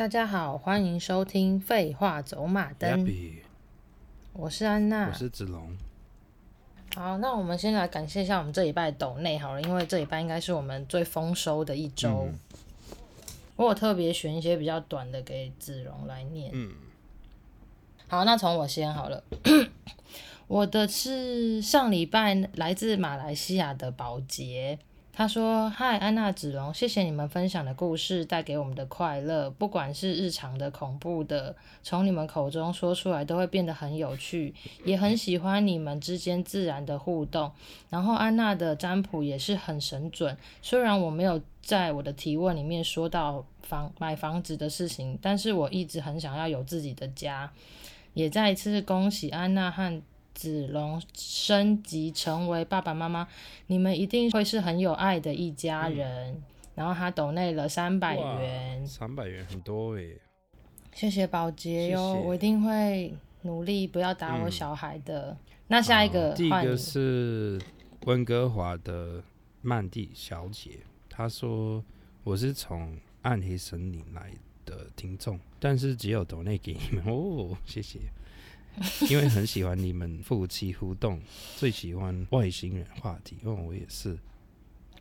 大家好，歡迎收聽《廢話走馬燈》。Yappy, 我是安娜，我是子龍。好，那我們先來感謝一下我們這禮拜抖內好了，因為這禮拜應該是我們最豐收的一周。嗯、我有特別選一些比較短的給子龍來念。嗯、好，那從我先好了。 我的是上禮拜來自馬來西亞的保潔。他說：“嗨，安娜、子龍，謝謝你們分享的故事帶給我們的快樂，不管是日常的、恐怖的，從你們口中說出來都會變得很有趣，也很喜歡你們之間自然的互動。然後安娜的占卜也是很神準，雖然我沒有在我的提問裡面說到房買房子的事情，但是我一直很想要有自己的家，也再一次恭喜安娜和。”子龍升級成為爸爸媽媽，你們一定會是很有愛的一家人。嗯、然後他抖內了三百元，三百元很多誒、欸。謝謝保潔喲、哦，謝謝。我一定會努力，不要打我小孩的。嗯、那下一個，啊、換你。第一個是溫哥華的曼蒂小姐，她說我是從暗黑森林來的聽眾，但是只有抖內給你們哦，謝謝。 因為很喜歡你們夫妻互動，最喜歡外星人話題，因、哦、為我也是。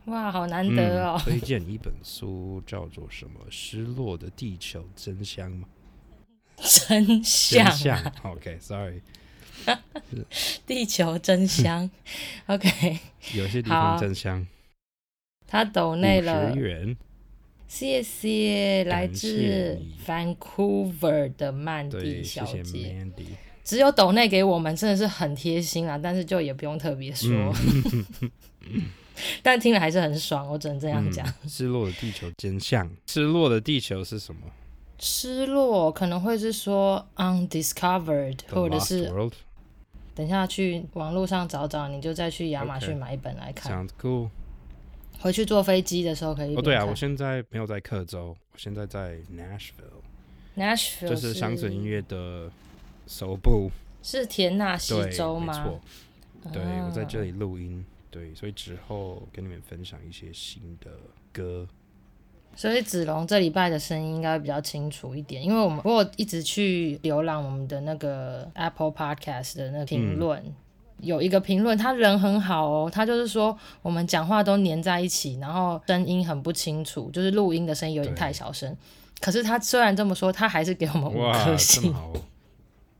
哇，好難得哦、嗯！推薦一本書叫做《什麼 失落的地球真相》真相？OK，Sorry，啊。地球真相。 OK。有些地方真相。他抖內了五十元。謝謝來自 Vancouver 的曼迪小姐。只有斗內給我們真的是很貼心啊，但是就也不用特別說，但聽了還是很爽，我只能這樣講。嗯，失落的地球真相，失落的地球是什麼？失落可能會是說 undiscovered，The 或者是 Lost World? 等下去網路上找找，你就再去亞馬遜買一本來看。Okay. Sounds cool，回去坐飛機的時候可以。哦，對啊，你看。我現在沒有在克州，我現在在 Nashville，Nashville 就是鄉村音樂的。是田納西州嗎？對，對，我在這裡錄音，啊、對，所以之後跟你們分享一些新的歌。所以子龍這禮拜的聲音應該會比較清楚一點，因為我們我一直去瀏覽我們的那個 Apple Podcast 的那個評論，嗯、有一個評論，他人很好哦，他就是說我們講話都黏在一起，然後聲音很不清楚，就是錄音的聲音有點太小聲。對可是他雖然這麼說，他還是給我們五顆星。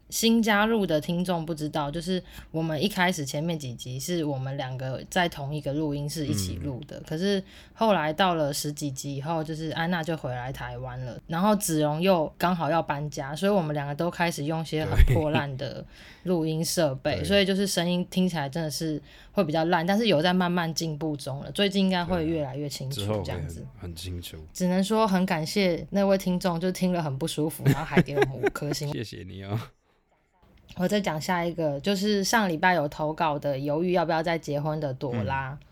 新加入的聽眾不知道，就是我們一開始前面幾集是我們兩個在同一個錄音室一起錄的，嗯、可是後來到了十幾集以後，就是安娜就回來台灣了，然後子龍又剛好要搬家，所以我們兩個都開始用些很破爛的錄音設備，所以就是聲音聽起來真的是會比較爛，但是有在慢慢進步中了，最近應該會越來越清楚，這樣子很，很清楚。只能說很感謝那位聽眾，就聽了很不舒服，然後還給我們五顆星， 謝謝你哦。我再講下一個，就是上禮拜有投稿的，猶豫要不要再結婚的朵拉。嗯、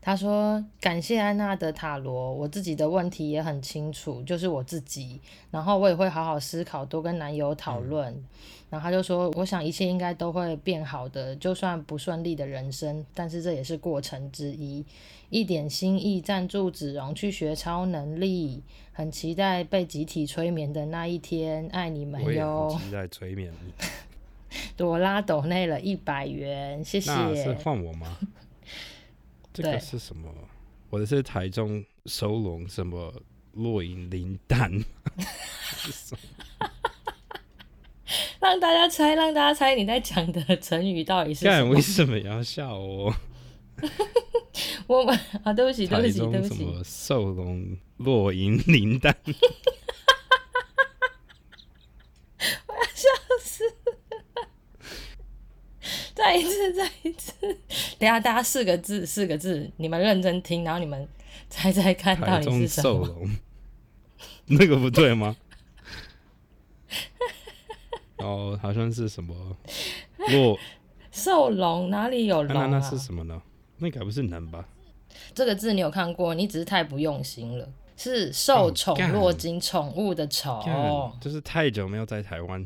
他說：“感謝安娜的塔羅，我自己的問題也很清楚，就是我自己。然後我也會好好思考，多跟男友討論。嗯、然後他就說，我想一切應該都會變好的，就算不順利的人生，但是這也是過程之一。一點心意贊助子龍去學超能力，很期待被集體催眠的那一天。愛你們喲，期待催眠。” 朵拉斗內了一百元，謝謝。那是換我嗎？ 這個是什麼？對我的是台中收容什麼落銀林丹。 讓大家猜，讓大家猜你在講的成語到底是什麼？為什麼要笑我？ 我啊，對不起，對不起，對不起，收容落銀鈴蛋。再一次再一次，等下大家四個字四個字，你們認真聽，然後你們猜猜看到底是什麼？那個不對嗎？然後、 哦、好像是什麼？不，獸龍哪裡有龍啊？那是什麼呢？那個還不是能吧？這個字你有看過？你只是太不用心了。是受寵若驚，寵物的寵、oh God.。就是太久沒有在台灣。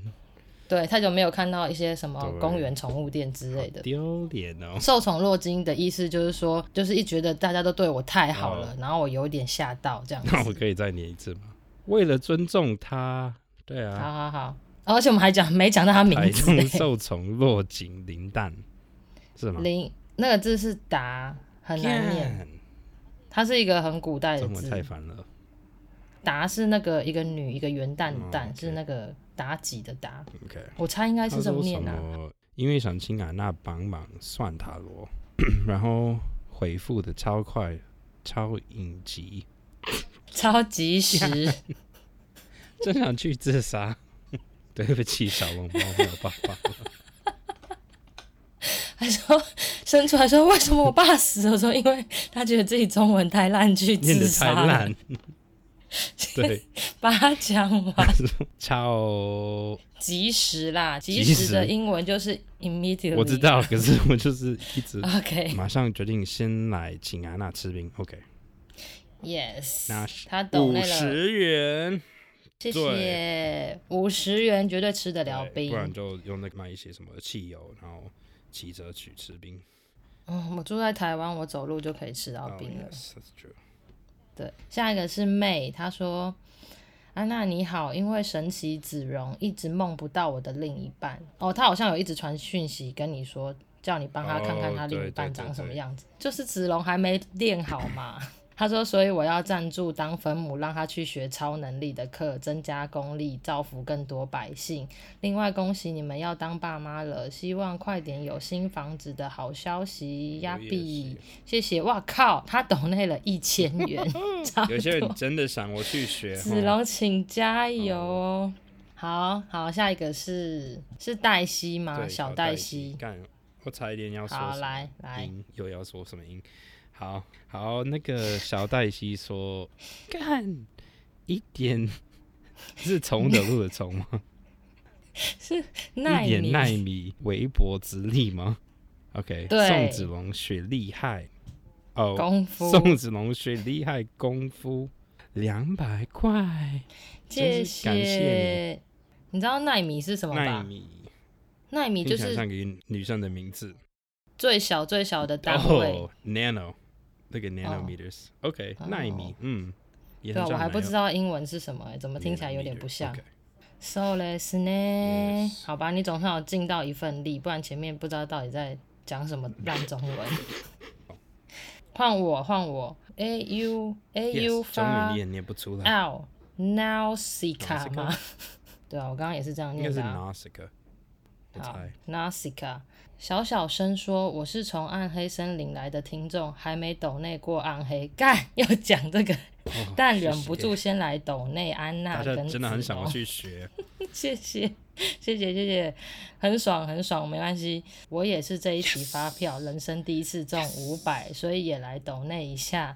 對，太久沒有看到一些什麼公園、寵物店之類的。丟臉哦！受寵若驚的意思就是說，就是一覺得大家都對我太好了，哦、然後我有點嚇到這樣子。那我可以再念一次嗎？為了尊重他，對啊。好好好、哦，而且我們還講沒講到他名字。受寵若驚，林蛋，是嗎？林那個字是“打”，很難念。騙它是一個很古代的字。太煩了。答，是那個一個女一個元旦的旦、哦 okay、是那個妲己的妲，Okay 我猜應該是這麼念。啊，因為想請安娜幫忙算塔羅，然後回復的超快，超應急，超及時，真想 去自殺。 對不起，小龍貓沒有爸爸。他 說生出來說，為什麼我爸死？ 我說因為他覺得自己中文太爛去自殺。對，把他講完。 超即時啦！即時的英文就是 immediately，我知道，可是我就是一直 OK，馬上決定先來請安娜吃冰。OK，Yes，、okay. 那他懂了。十、那個、元，謝謝五十對元，絕對吃得了冰。不然就用那個賣一些什麼汽油，然後騎車去吃冰。嗯，oh, 我住在台灣，我走路就可以吃到冰了。Oh, yes, 對，下一個是妹。她說：“安、啊、娜你好，因為神奇子龍一直夢不到我的另一半哦，她好像有一直傳訊息跟你說，叫你幫她看看她另一半長什麼樣子，oh, 就是子龍還沒練好嘛。” 他說：“所以我要贊助當分母，讓他去學超能力的課，增加功力，造福更多百姓。另外，恭喜你們要當爸媽了，希望快點有新房子的好消息呀！B，謝謝。哇靠，他抖內了一千元，差不多， 有些人真的想我去學。 子龍，請加油！哦、好好，下一個是是黛西嗎？對小黛西。我差一點要說什麼，好來來，來又要說什麼音？”好好，那個小黛西說：“干一點，是蟲的路的蟲嗎？是奈米？一點奈 米，米微薄之力嗎？OK，對宋子龍學厲害哦，oh, 功夫。宋子龍學厲害功夫，兩百塊，謝謝。謝你，你知道奈米是什麼嗎？奈米，奈米就是女生的名字，最小最小的單位。Oh, Nano。” Take a nanometers, okay, 納米，嗯，對啊，我還不知道英文是什麼，怎麼聽起來有點不像。So let's 呢？好吧，你總算有盡到一份力，不然前面不知道到底在講什麼爛中文。換我，換我，au au 發 l Nascica 對啊，我剛剛也是這樣念的。Nascica，好 Nascica。小小聲說：“我是從暗黑森林來的聽眾，還沒抖內過暗黑，幹要講這個，哦、但忍不住先來抖內、哦、謝謝安娜跟大家真的很想要去學， 謝謝，謝謝，謝謝，很爽，很爽，沒關係，我也是這一期發票， 人生第一次中五百，所以也來抖內一下。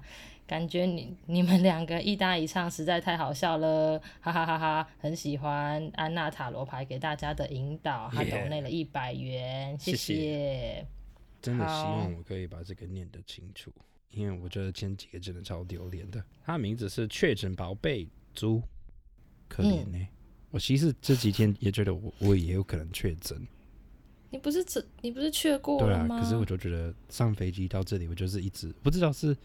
感覺你你們兩個一搭一唱實在太好笑了，哈哈哈哈！很喜歡安娜塔羅牌給大家的引導，Yeah. 他抖內了一百元，謝謝，謝謝。真的希望我可以把這個念得清楚，好因為我覺得前幾個真的超丟臉的。他名字是確診寶貝豬，可憐呢、欸。嗯、我其實這幾天也覺得我我也有可能確診。 你不是只你不是確過了嗎？對啊？可是我就覺得上飛機到這裡，我就是一直不知道是。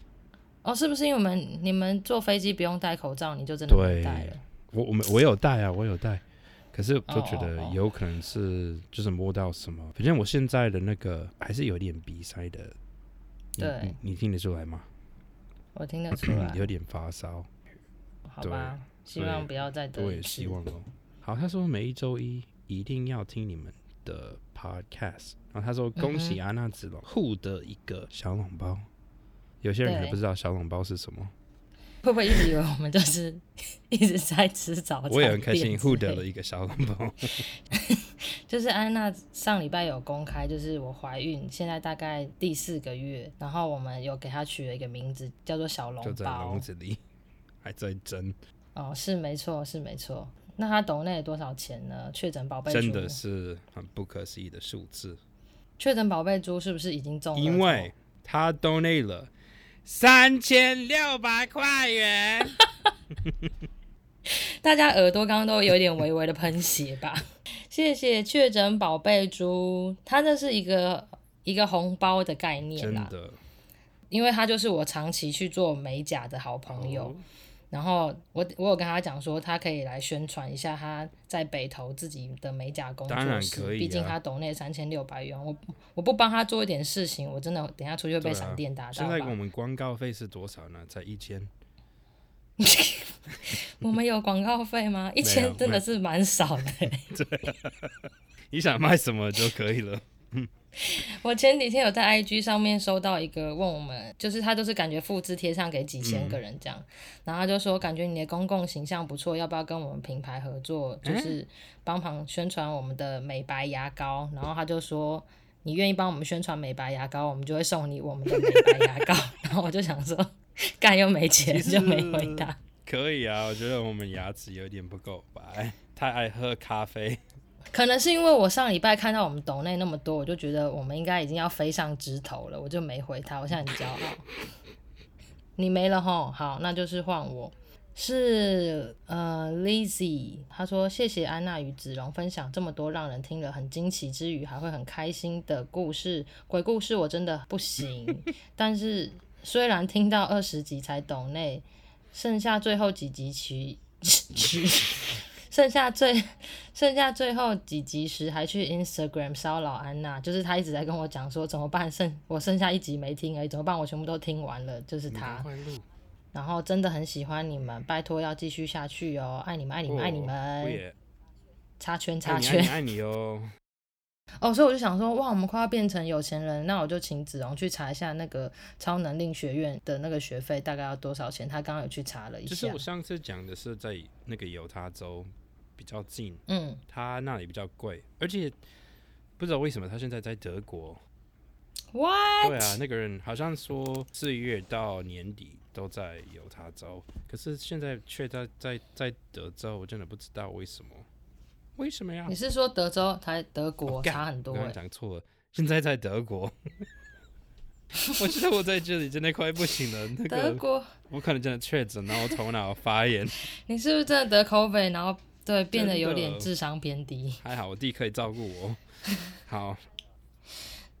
哦，是不是因為我們你們坐飛機不用戴口罩，你就真的沒戴了？我我們我有戴啊，我有戴，可是就覺得有可能是就是摸到什麼，oh, oh, oh. 反正我現在的那個還是有點鼻塞的。對你，你聽得出來嗎？我聽得出來， 有點發燒。好吧，希望不要再多，我也希望哦。好，他說每一周一一定要聽你們的 podcast，然後他說恭喜安娜子龍獲、嗯、哼得一個小籠包。有些人也不知道小籠包是什麼，會不會一直以為我們就是 一直在吃早餐？我也很開心，獲得對了一個小籠包。 就是安娜上禮拜有公開，就是我懷孕，現在大概第四個月，然後我們有給她取了一個名字，叫做小籠包。就在籠子裡還在蒸哦，是沒錯，是沒錯。那他 donate 了多少錢呢？確診寶貝豬真的是很不可思議的數字。確診寶貝豬是不是已經中了？了？因為他 donate 了。三千六百塊元 大家耳朵剛剛都有點微微的噴血吧？ 謝謝確診寶貝豬，他這是一個一個紅包的概念啦，的因為他就是我長期去做美甲的好朋友。Oh. 然後我我有跟他講說，他可以來宣傳一下他在北投自己的美甲工作室，當然可以啊，畢竟他抖內三千六百元，我我不幫他做一點事情，我真的等下出去會被閃電打到，啊。現在我們廣告費是多少呢？才一千。 我們有廣告費嗎？ 一千真的是蠻少的，欸。 對、啊，你想賣什麼就可以了。 我前幾天有在 IG 上面收到一個問我們，就是他就是感覺複製貼上給幾千個人這樣，嗯、然後他就說，感覺你的公共形象不錯，要不要跟我們品牌合作，就是幫忙宣傳我們的美白牙膏？嗯、然後他就說，你願意幫我們宣傳美白牙膏，我們就會送你我們的美白牙膏。 然後我就想說幹又沒錢，其實就沒回答。可以啊，我覺得我們牙齒有點不夠白，太愛喝咖啡。可能是因為我上禮拜看到我們抖內那麼多，我就覺得我們應該已經要飛上枝頭了，我就沒回他。我現在很驕傲。你沒了吼，好，那就是換我。是呃 Lizzy 她說謝謝安娜與子龍分享這麼多讓人聽了很驚奇之餘還會很開心的故事。鬼故事我真的不行， 但是雖然聽到二十集才抖內，剩下最後幾集其實。 剩下最剩下最後幾集時，還去 Instagram 騷擾安娜，就是他一直在跟我講說，怎麼辦，剩我剩下一集沒聽而已，怎麼辦？我全部都聽完了，就是他。然後真的很喜歡你們，嗯、拜託要繼續下去哦，愛你們，愛你們，哦、愛你們。我也插圈，插圈，愛你，愛，你愛你哦。哦，所以我就想說，哇，我們快要變成有錢人，那我就請子龍去查一下那個超能力學院的那個學費大概要多少錢。他剛剛有去查了一下，其實我上次講的是在那個猶他州。比較近，嗯，他那裡比較貴，而且不知道為什麼他現在在德國。What？對啊，那個人好像說四月到年底都在猶他州，可是現在卻在在在德州，我真的不知道為什麼。為什麼呀？你是說德州？他德國差很多欸。Oh，剛剛講錯了，現在在德國。 我覺得我在這裡真的快不行了。那個，德國我可能真的確診，然後頭腦發炎。 你是不是真的得 Covid 然後？對，變得有點智商偏低。的還好我弟可以照顧我。 好，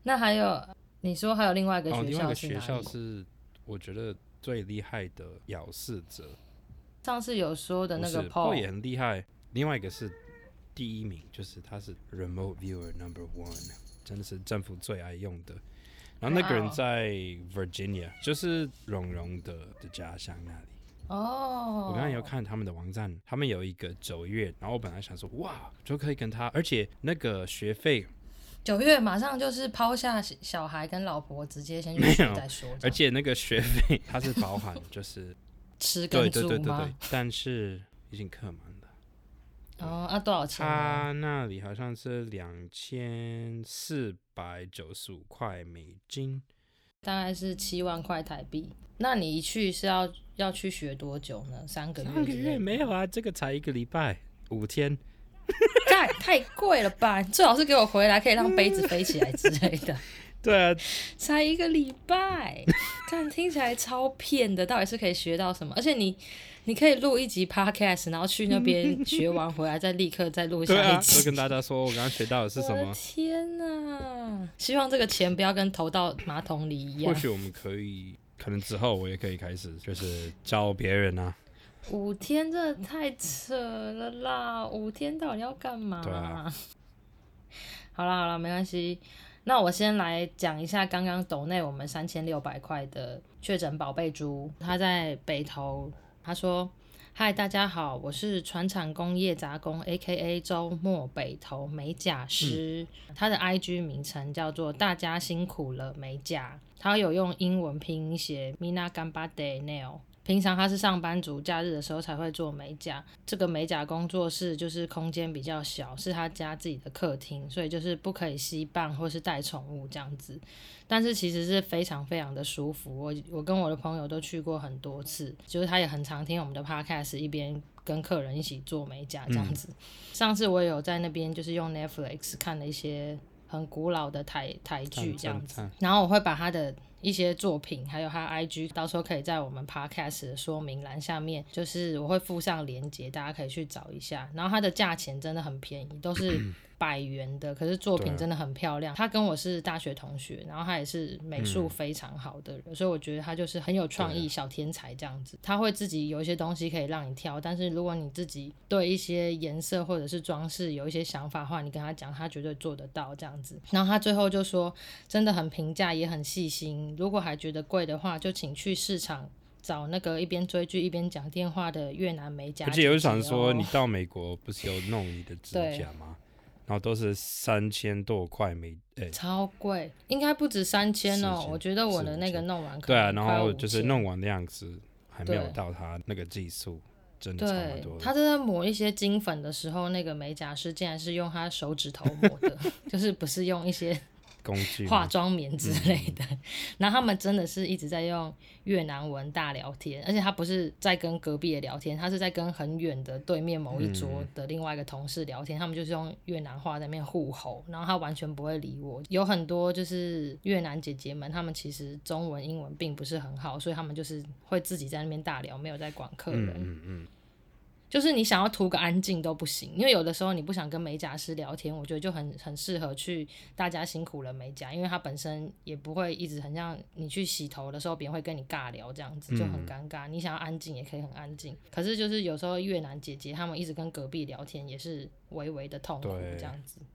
那還有你說還有另外一個學校？好、哦，那個學校是我覺得最厲害的，遙視者。上次有說的那個 Paul、哦、也很厲害。另外一個是第一名，就是他是 Remote Viewer Number One，真的是政府最愛用的。然後那個人在 Virginia，好就是榮榮的的家鄉那裡。哦，oh, 我剛才有看他們的網站，他們有一個九月，然後我本來想說，哇，就可以跟他，而且那個學費，九月馬上就是拋下小孩跟老婆，直接先去再說。沒有，而且那個學費他是包含就是 吃跟住嗎？對對對。但是已經客滿了。哦，那、oh, 啊、多少錢、啊？他那裡好像是兩千四百九十五塊美金，大概是七萬塊台幣，那你一去是要要去學多久呢？三個月？三個月沒有啊，這個才一個禮拜，五天。 太太貴了吧？ 最好是給我回來可以讓杯子飛起來之類的。 對啊，才一個禮拜，但聽起來超騙的，到底是可以學到什麼？而且你。你可以錄一集 podcast，然後去那邊學完回來， 再立刻再錄下一集。對、啊、我就跟大家說我剛剛學到的是什麼。天啊！希望這個錢不要跟投到馬桶裡一樣。或許我們可以，可能之後我也可以開始，就是教別人啊。五天這太扯了啦！五天到底要幹嘛？對、啊、好啦好啦，沒關係。那我先來講一下剛剛抖內我們三千六百塊的確診寶貝豬，它在北投。他說：“Hi，大家好，我是船廠工業雜工，A.K.A 周末北投美甲師。嗯、他的 I.G 名稱叫做‘大家辛苦了美甲’，他有用英文拼音寫 ‘Mina Gamba De Nail’。”平常他是上班族，假日的時候才會做美甲。這個美甲工作室就是空間比較小，是他家自己的客廳，所以就是不可以吸棒或是帶寵物這樣子。但是其實是非常非常的舒服。我我跟我的朋友都去過很多次，就是他也很常聽我們的 podcast，一邊跟客人一起做美甲這樣子。嗯、上次我有在那邊就是用 Netflix 看了一些很古老的台台劇這樣子，嗯嗯嗯嗯、然後我會把他的。一些作品，還有他 IG，到時候可以在我們 podcast 的說明欄下面，就是我會附上鏈接，大家可以去找一下。然後他的價錢真的很便宜，都是百元的，可是作品真的很漂亮。啊、他跟我是大學同學，然後他也是美術非常好的人，嗯、所以我覺得他就是很有創意、啊、小天才這樣子。他會自己有一些東西可以讓你挑，但是如果你自己對一些顏色或者是裝飾有一些想法的話，你跟他講，他絕對做得到這樣子。然後他最後就說，真的很平價，也很細心。如果還覺得貴的話，就請去市場找那個一邊追劇一邊講電話的越南美甲姐姐、喔。而且有想說，你到美國不是有弄你的指甲嗎？ 對然後都是三千多塊美，欸、超貴，應該不止三千哦。4, 000, 4, 5, 我覺得我的那個弄完，對啊，然後就是弄完的樣子還沒有到他那個技術，對真的差不多對。他正在抹一些金粉的時候，那個美甲師竟然是用他手指頭抹的， 就是不是用一些。 化妝棉之類的，嗯嗯然後他們真的是一直在用越南文大聊天，而且他不是在跟隔壁的聊天，他是在跟很遠的對面某一桌的另外一個同事聊天，嗯嗯他們就是用越南話在那邊互吼，然後他完全不會理我。有很多就是越南姐姐們，他們其實中文、英文並不是很好，所以他們就是會自己在那邊大聊，沒有在管客人。嗯嗯嗯就是你想要圖個安靜都不行，因為有的時候你不想跟美甲師聊天，我覺得就很很適合去大家辛苦了美甲，因為它本身也不會一直很像你去洗頭的時候別人會跟你尬聊，這樣子就很尷尬。嗯、你想要安靜也可以很安靜，可是就是有時候越南姐姐她們一直跟隔壁聊天也是微微的痛苦這樣子。對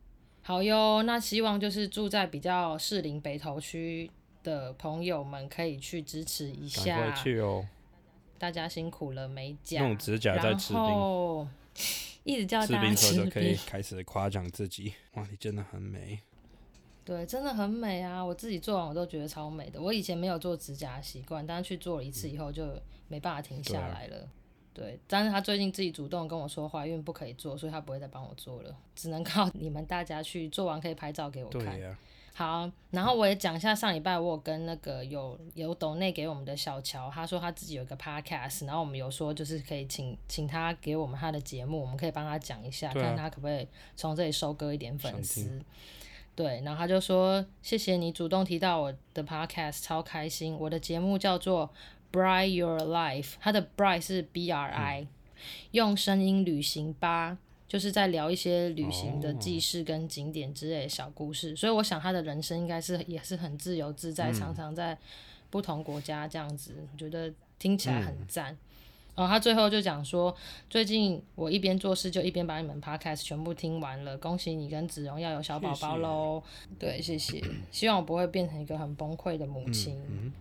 好喲，那希望就是住在比較士林北投區的朋友們可以去支持一下。大家辛苦了，美甲，用指甲在吃冰，然後一直叫大家吃冰，吃冰的時候就可以開始誇獎自己，哇，你真的很美，對，真的很美啊！我自己做完我都覺得超美的。我以前沒有做指甲習慣，但是去做了一次以後就沒辦法停下來了。嗯、對，對，但是他最近自己主動跟我說懷孕不可以做，所以他不會再幫我做了，只能靠你們大家去做完可以拍照給我看。好，然後我也講一下、嗯、上禮拜我有跟那個有有抖內給我們的小喬，他說他自己有一個 podcast，然後我們有說就是可以請請他給我們他的節目，我們可以幫他講一下，啊、看他可不可以從這裡收割一點粉絲。聽對，然後他就說謝謝你主動提到我的 podcast，超開心。我的節目叫做 Bright Your Life，他的 Bright 是 B R I，、嗯、用聲音旅行吧。就是在聊一些旅行的紀事跟景點之類的小故事，哦、所以我想他的人生應該是也是很自由自在，嗯、常常在不同國家這樣子，我覺得聽起來很讚。然後、嗯哦、他最後就講說，最近我一邊做事就一邊把你們 podcast 全部聽完了，恭喜你跟子龍要有小寶寶嘍！是是對，謝謝，咳咳希望我不會變成一個很崩潰的母親。嗯嗯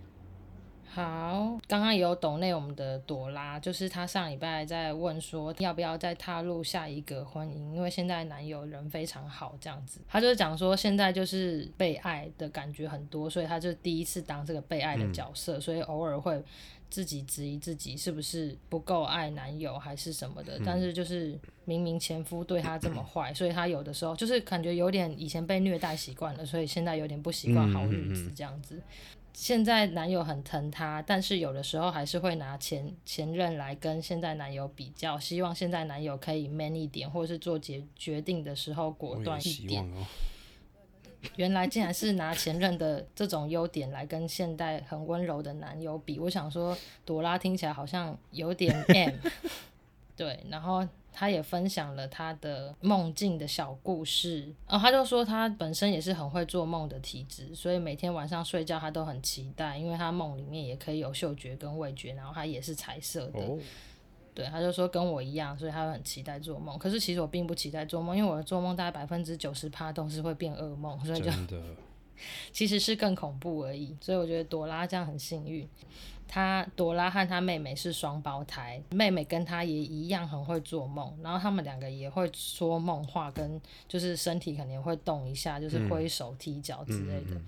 好，剛剛也有抖內我們的朵拉，就是她上禮拜在問說，要不要再踏入下一個婚姻？因為現在男友人非常好，這樣子，她就是講說，現在就是被愛的感覺很多，所以她就第一次當這個被愛的角色，嗯、所以偶爾會自己質疑自己是不是不夠愛男友還是什麼的。嗯、但是就是明明前夫對她這麼壞，所以她有的時候就是感覺有點以前被虐待習慣了，所以現在有點不習慣好日子這樣子。現在男友很疼她，但是有的時候還是會拿前前任來跟現在男友比較，希望現在男友可以 man 一點，或者是做決定的時候果斷一點。原來竟然是拿前任的這種優點來跟現在很溫柔的男友比，我想說朵拉聽起來好像有點 M。 對，然後。他也分享了他的夢境的小故事哦，他就說他本身也是很會做夢的體質，所以每天晚上睡覺他都很期待，因為他夢裡面也可以有嗅覺跟味覺，然後他也是彩色的。Oh. 對，他就說跟我一樣，所以他很期待做夢。可是其實我並不期待做夢，因為我的做夢大概百分之九十八都是會變噩夢，所以就的 其實是更恐怖而已。所以我覺得朵拉這樣很幸運。他朵拉和他妹妹是雙胞胎，妹妹跟他也一樣很會做夢，然後他們兩個也會說夢話，跟就是身體肯定會動一下，就是揮手踢腳之類的。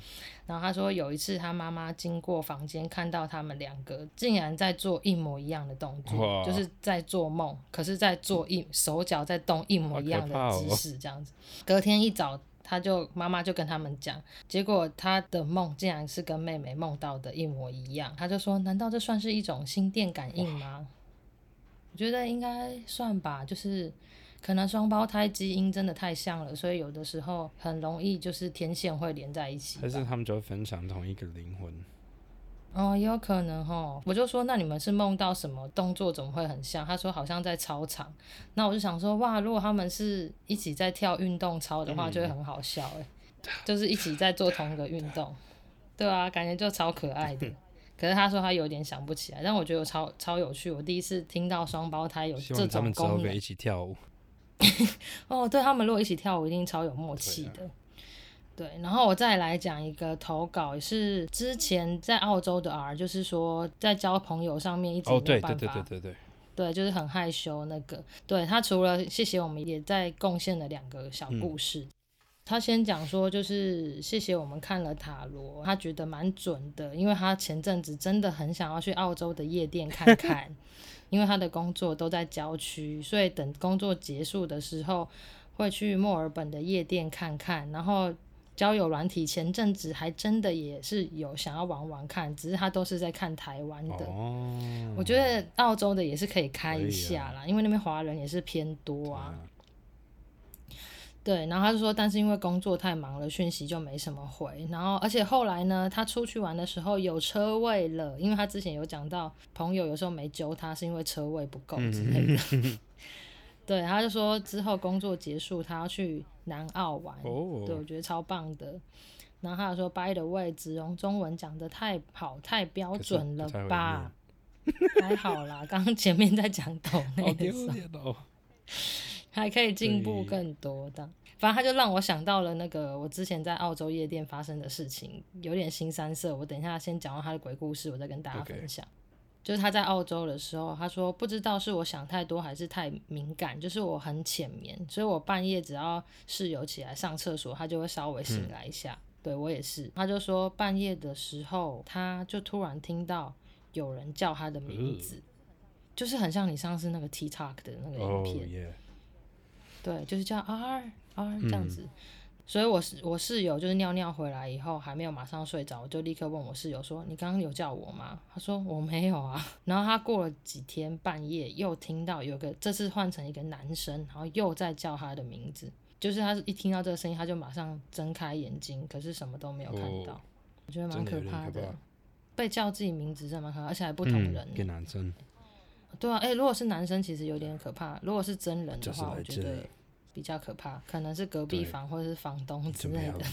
然後他說有一次他媽媽經過房間看到他們兩個竟然在做一模一樣的動作，就是在做夢，可是在做一手腳在動一模一樣的姿勢這樣子。隔天一早。他就媽媽就跟他們講，結果他的夢竟然是跟妹妹夢到的一模一樣。他就說，難道這算是一種心電感應嗎？嗯。我覺得應該算吧，就是可能雙胞胎基因真的太像了，所以有的時候很容易就是天線會連在一起。但是他們就會分享同一個靈魂。哦，也有可能哦。我就說，那你們是夢到什麼動作？怎麼會很像？他說好像在操場。那我就想說，哇，如果他們是一起在跳運動操的話，就會很好笑哎。就是一起在做同一個運動，對啊，感覺就超可愛的。 可是他說他有點想不起來，但我覺得超超有趣。我第一次聽到雙胞胎有這種功能。希望他們之後一起跳舞。 哦，對，他們如果一起跳舞，一定超有默契的。對，然後我再來講一個投稿是之前在澳洲的 R，就是說在交朋友上面一直沒有辦法，對對對對對，對,對,對,對,對，就是很害羞那個。對他除了謝謝我們，也在貢獻了兩個小故事。嗯，他先講說就是謝謝我們看了塔羅，他覺得蠻準的，因為他前陣子真的很想要去澳洲的夜店看看， 因為他的工作都在郊區，所以等工作結束的時候會去墨爾本的夜店看看，然後。交友軟體前陣子還真的也是有想要玩玩看，只是他都是在看台灣的，哦、我覺得澳洲的也是可以開一下啦，啊、因為那邊華人也是偏多啊。啊對，然後他就說，但是因為工作太忙了，訊息就沒什麼回。然後而且後來呢，他出去玩的時候有車位了，因為他之前有講到朋友有時候沒揪他是因為車位不夠之類的。嗯、呵呵 對，他就說之後工作結束他要去。南澳玩，oh. 對，我覺得超棒的。然後他說拜的位置，By the way, 用中文講得太好太標準了吧？還好啦， 剛，剛前面在講抖內的時候還可以進步更多的。對反正他就讓我想到了那個我之前在澳洲夜店發生的事情，有點腥羶色。我等一下先講完他的鬼故事，我再跟大家分享。Okay. 就是他在澳洲的時候，他說不知道是我想太多還是太敏感，就是我很淺眠，所以我半夜只要室友起來上廁所，他就會稍微醒來一下。嗯、對我也是，他就說半夜的時候，他就突然聽到有人叫他的名字，嗯、就是很像你上次那個 TikTok 的那個影片，oh, yeah. 對，就是叫 R R 這樣子。嗯所以我是我室友，就是尿尿回來以後還沒有馬上睡着，我就立刻問我室友說：“你剛剛有叫我嗎？”他說：“我沒有啊。”然後他過了幾天半夜又聽到有個，這次換成一個男生，然後又在叫他的名字。就是他一聽到這個聲音，他就馬上睜開眼睛，可是什麼都沒有看到。我、哦、覺得蠻可怕的，的怕被叫自己名字是蠻可怕，而且還不同人，一個、嗯、男生。對啊，哎、欸，如果是男生其實有點可怕，如果是真人的話，啊就是、我覺得。比較可怕，可能是隔壁房或者是房東之類的。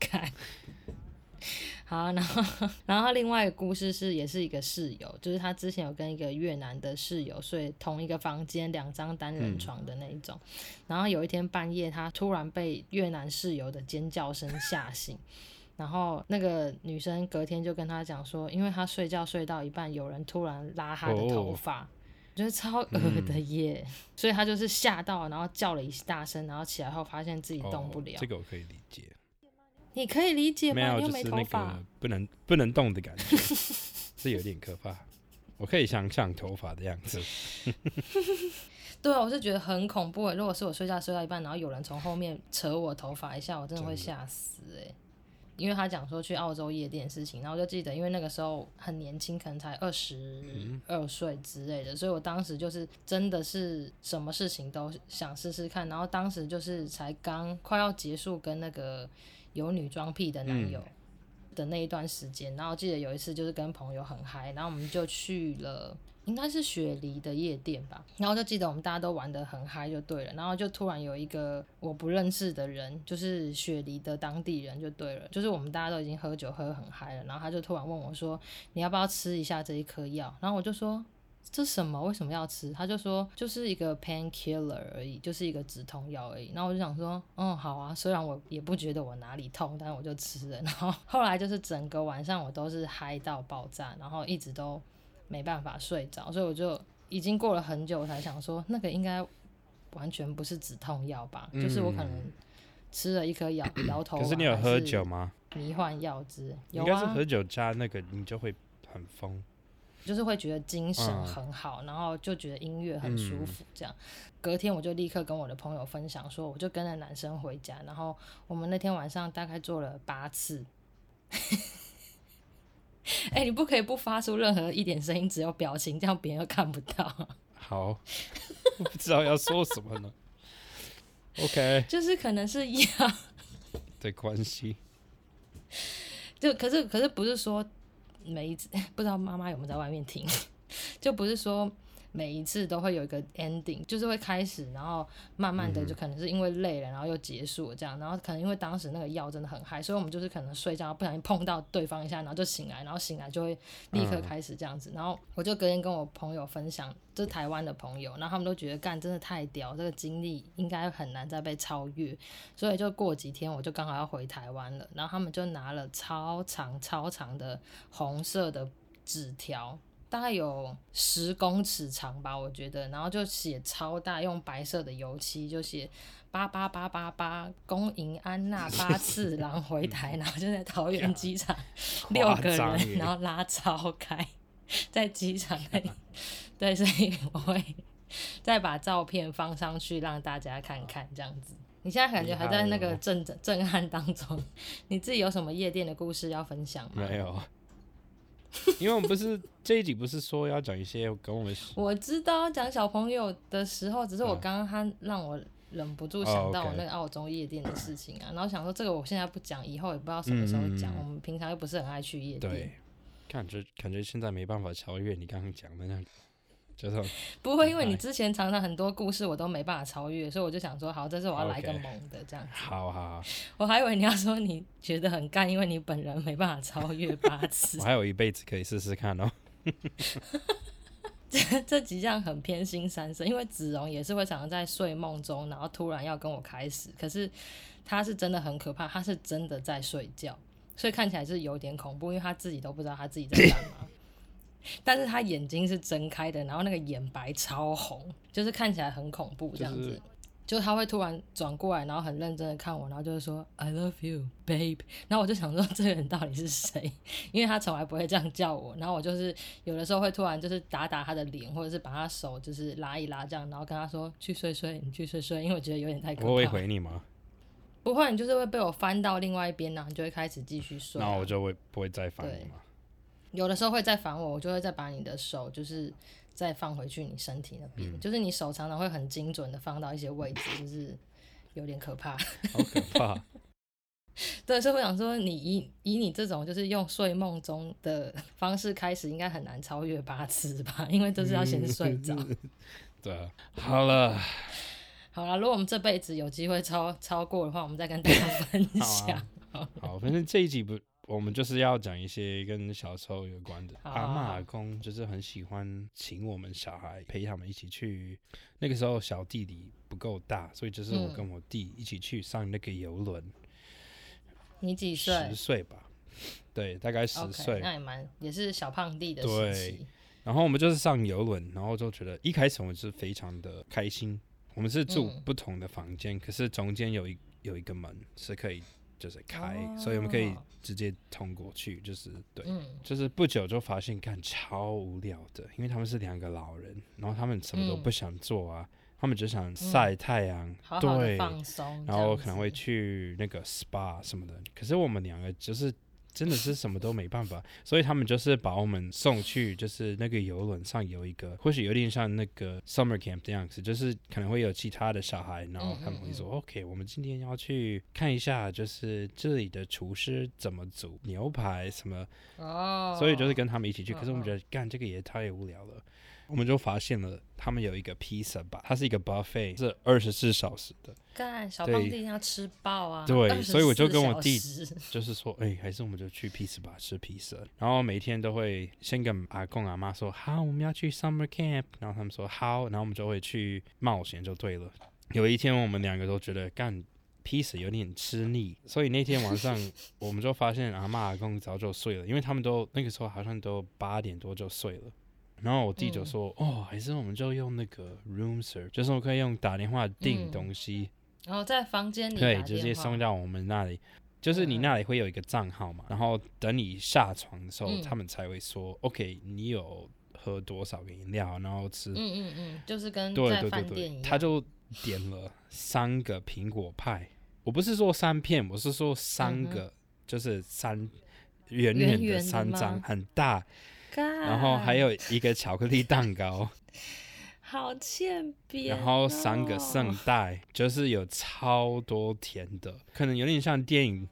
看， 好，然後，然後他另外一個故事是，也是一個室友，就是他之前有跟一個越南的室友睡同一個房間，兩張單人床的那一種。嗯、然後有一天半夜，他突然被越南室友的尖叫聲嚇醒， 然後那個女生隔天就跟他講說，因為他睡覺睡到一半，有人突然拉他的頭髮。哦我覺得超噁的耶，嗯、所以他就是嚇到，然後叫了一大聲，然後起來後發現自己動不了。哦、這個我可以理解，你可以理解嗎？沒有，因為就是那個不能，因為沒頭髮，不能,不能動的感覺， 是有點可怕。我可以想象頭髮的樣子。 對啊，我是覺得很恐怖。如果是我睡覺睡到一半，然後有人從後面扯我頭髮一下，我真的會嚇死哎。因為他講說去澳洲夜店事情，然後就記得，因為那個時候很年輕，可能才二十二歲之類的，嗯、所以我當時就是真的是什麼事情都想試試看。然後當時就是才剛快要結束跟那個有女裝癖的男友的那一段時間，嗯、然後記得有一次就是跟朋友很嗨，然後我們就去了。應該是雪梨的夜店吧，然後就記得我們大家都玩得很嗨，就對了。然後就突然有一個我不認識的人，就是雪梨的當地人，就對了。就是我們大家都已經喝酒喝很嗨了，然後他就突然問我說：“你要不要吃一下這一顆藥？”然後我就說：“這什麼？為什麼要吃？”他就說：“就是一個 pain killer 而已，就是一個止痛藥而已。”然後我就想說：“嗯，好啊，雖然我也不覺得我哪裡痛，但我就吃了。”然後後來就是整個晚上我都是嗨到爆炸，然後一直都。沒辦法睡着，所以我就已經過了很久我才想說，那個應該完全不是止痛藥吧？嗯、就是我可能吃了一顆藥搖頭。可是你有喝酒嗎？還迷幻藥汁？啊、應該是喝酒加那個，你就會很瘋，就是會覺得精神很好，啊、然後就覺得音樂很舒服。這樣，嗯、隔天我就立刻跟我的朋友分享說，我就跟着男生回家，然後我們那天晚上大概做了八次。 哎，你不可以不發出任何一點聲音，只有表情，這樣別人又看不到。好，我不知道要說什麼了。 OK，就是可能是要的關係。就可是可是不是說沒不知道媽媽有沒有在外面聽？就不是說。每一次都會有一個 ending，就是會開始，然後慢慢的就可能是因為累了，嗯嗯、然後又結束了這樣，然後可能因為當時那個藥真的很嗨，所以我們就是可能睡覺不小心碰到對方一下，然後就醒來，然後醒來就會立刻開始這樣子，嗯、然後我就隔天跟我朋友分享，就是、台灣的朋友，然後他們都覺得幹真的太屌，這個經歷應該很難再被超越，所以就過幾天我就剛好要回台灣了，然後他們就拿了超長超長的紅色的紙條。大概有十公尺長吧，我覺得，然後就寫超大，用白色的油漆就寫八八八八八恭迎安娜八次郎回台， 然後就在桃園機場六個人，然後拉超開，在機場那裡，啊、對，所以我會再把照片放上去讓大家看看，這樣子。你現在感覺還在那個震震震撼當中？你自己有什麼夜店的故事要分享嗎？沒有。因為我們不是 這一集，不是說要講一些跟我們，我知道講小朋友的時候，只是我剛剛他讓我忍不住想到我那個澳洲夜店的事情啊，哦 okay、然後想說這個我現在不講，以後也不知道什麼時候講。嗯嗯，我們平常又不是很愛去夜店，對，感覺感覺現在沒辦法超越你剛剛講的那樣。就是不會，因為你之前常常很多故事我都沒辦法超越，唉所以我就想說，好，這次我要來個猛的 Okay. 這樣。好好，我還以為你要說你覺得很幹，因為你本人沒辦法超越八次。 我還有一輩子可以試試看哦。 這這幾項很偏心三生，因為子龍也是會常常在睡夢中，然後突然要跟我開始，可是他是真的很可怕，他是真的在睡覺，所以看起來是有點恐怖，因為他自己都不知道他自己在幹嘛。 但是他眼睛是睜開的，然後那個眼白超紅，就是看起來很恐怖這樣子。就是、就他會突然轉過來，然後很認真的看我，然後就是說 I love you, babe。然後我就想說這個人到底是誰？ 因為他從來不會這樣叫我。然後我就是有的時候會突然就是打打他的臉，或者是把他手就是拉一拉這樣，然後跟他說去睡睡，你去睡睡，因為我覺得有點太可怕。我會回你嗎？不會，你就是會被我翻到另外一邊，然後你就會開始繼續睡、啊。那我就會不會再翻你嗎？有的時候會再煩我，我就會再把你的手，就是再放回去你身體那邊。嗯、就是你手常常會很精準的放到一些位置，就是有點可怕。好可怕。 對，所以我想說，你以以你這種就是用睡夢中的方式開始，應該很難超越八次吧？因為都是要先睡着。嗯、 對啊。好，好了，好了，如果我們這輩子有機會超超過的話，我們再跟大家分享。 好，啊、好，反正 這一集不。我們就是要講一些跟小時候有關的。阿嬤阿公就是很喜歡請我們小孩陪他們一起去。那個時候小弟弟不夠大，所以就是我跟我弟一起去上那個郵輪、嗯。你幾歲？十歲吧。對，大概十歲。Okay, 那也蠻，也是小胖弟的時期。對。然後我們就是上郵輪，然後就覺得一開始我們是非常的開心。我們是住不同的房間，嗯、可是中間有一有一個門是可以。就是開，哦、所以我們可以直接通過去。就是對，嗯、就是不久就發現看超無聊的，因為他們是兩個老人，然後他們什麼都不想做啊，嗯、他們就想曬太陽，嗯、對，好好的放鬆然後可能會去那個 SPA 什麼的。可是我們兩個就是。 真的是什麼都沒辦法，所以他們就是把我們送去，就是那個郵輪上有一個，或許有點像那個 summer camp 這樣子，就是可能會有其他的小孩，然後他們就說、嗯、嘿嘿 OK，我們今天要去看一下，就是這裡的廚師怎麼煮牛排什麼，哦，所以就是跟他們一起去，可是我們覺得、哦、幹這個也太無聊了。我們就發現了他們有一個披薩吧，它是一個 buffet，是二十四小時的。幹，小胖弟對要吃爆啊！對，24 所以我就跟我弟 就是說，哎，還是我們就去披薩吧，吃披薩。然後每天都會先跟阿公阿媽說，好， 我們要去 summer camp，然後他們說好，然後我們就會去冒險就對了。有一天我們兩個都覺得幹披薩有點吃膩，所以那天晚上 我們就發現阿媽阿公早就睡了，因為他們都那個時候好像都八點多就睡了。然後我弟就說：“嗯、哦，還是我們就用那個 Room Service、嗯、就是我可以用打電話訂東西，然後、嗯哦、在房間裡對，直、就、接、是、送到我們那裡。就是你那裡會有一個賬號嘛，嗯、然後等你下床的時候，嗯、他們才會說 OK，你有喝多少個飲料，然後吃……嗯嗯嗯，就是跟在飯店一樣。對對，對他就點了三個蘋果派， 我不是說三片，我是說三個，嗯嗯就是三圓圓的三張，圓圓很大。然後還有一個巧克力蛋糕， 好欠扁、哦。然後三個聖代，就是有超多甜的，可能有點像電影，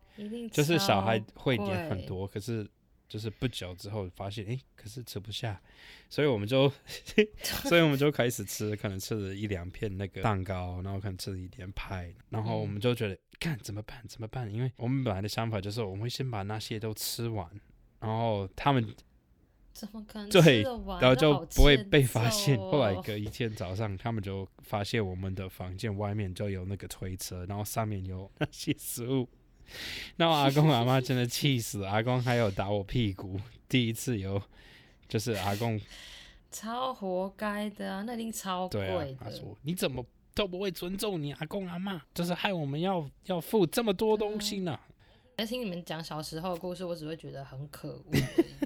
就是小孩會點很多。可是就是不久之後發現，哎，可是吃不下，所以我們就，對 所以我們就開始吃，可能吃了一兩片那個蛋糕，然後可能吃了一點派，然後我們就覺得，看、嗯、怎麼辦？怎麼辦？因為我們本來的想法就是，我們會先把那些都吃完，然後他們。怎麼可能對，然後就不會被發現。哦、後來隔一天早上，他們就發現我們的房間外面就有那個推車，然後上面有那些食物。那阿公阿嬤真的氣死， 阿公還有打我屁股。第一次有，就是阿公，超活該的、啊、那一定超貴的對、啊、他說：“你怎麼都不會尊重你阿公阿嬤，就是害我們要要付這麼多東西呢？”來、嗯、聽你們講小時候的故事，我只會覺得很可惡。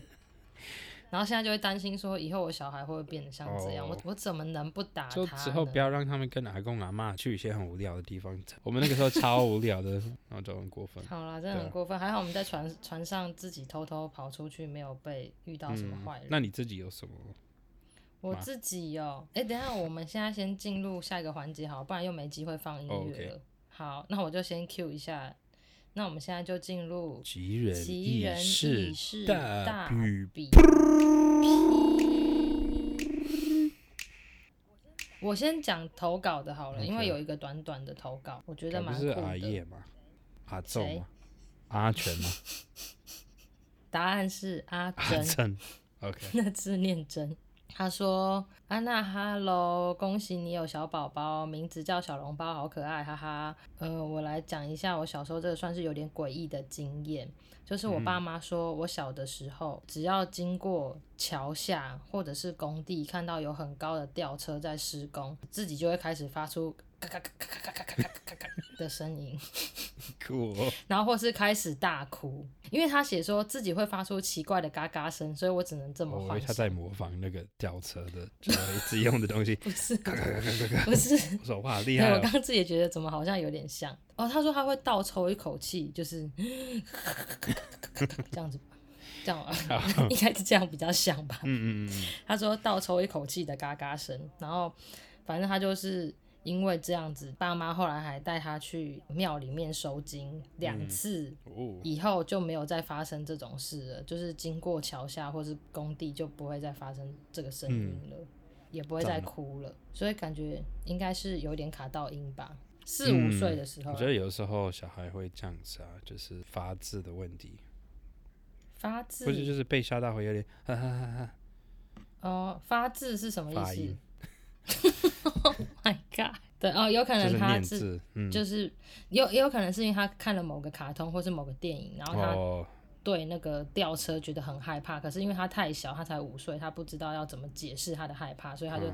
然後現在就會擔心說，以後我小孩會不會變得像這樣？Oh, 我我怎麼能不打他呢？他？之後不要讓他們跟阿公阿嬤去一些很無聊的地方。我們那個時候超無聊的，然後、 哦、就很過分。好啦，真的很過分，對還好我們在船船上自己偷偷跑出去，沒有被遇到什麼壞人、嗯。那你自己有什麼？我自己有，哎、欸，等一下我們現在先進入下一個環節好，不然又沒機會放音樂了。Okay. 好，那我就先 cue 一下。那我們現在就進入奇人奇人奇事大比拼。我先講投稿的好了，Okay. 因為有一個短短的投稿，我覺得蠻不是阿阿晝阿全嗎？Okay. 答案是阿真。Okay. 那字念真。他說：“安娜，哈嘍，恭喜你有小寶寶，名字叫小籠包，好可愛，哈哈。呃，我來講一下我小時候這個算是有點詭異的經驗，就是我爸媽說我小的時候，嗯、只要經過橋下或者是工地，看到有很高的吊車在施工，自己就會開始發出。”嘎嘎嘎嘎嘎嘎嘎嘎的聲音，哭，然後或是開始大哭，因為他寫說自己會發出奇怪的嘎嘎聲，所以我只能這麼換。他在模仿那個吊車的自己用的東西。不是，不是。我說哇，厲害！我剛剛自己也覺得怎麼好像有點像哦。他說他會倒抽一口氣，就是這樣子，這樣啊，應該是這樣比較像吧。嗯嗯嗯，他說倒抽一口氣的嘎嘎聲，然後反正他就是。因為這樣子，爸媽後來還帶他去廟裡面收驚兩次，嗯哦、以後就沒有再發生這種事了。就是經過橋下或是工地，就不會再發生這個聲音了，嗯、也不會再哭了。了所以感覺應該是有點卡到陰吧。四、嗯、五歲的時候，我覺得有時候小孩會這樣子啊，就是發字的問題，發字，或者就是被嚇到會有點哈哈哈哈。哦，發字是什麼意思？ Oh my god！對哦，有可能他是就是有也有可能是因為他看了某個卡通或是某個電影，然後他對那個吊車覺得很害怕。可是因為他太小，他才五歲，他不知道要怎麼解釋他的害怕，所以他就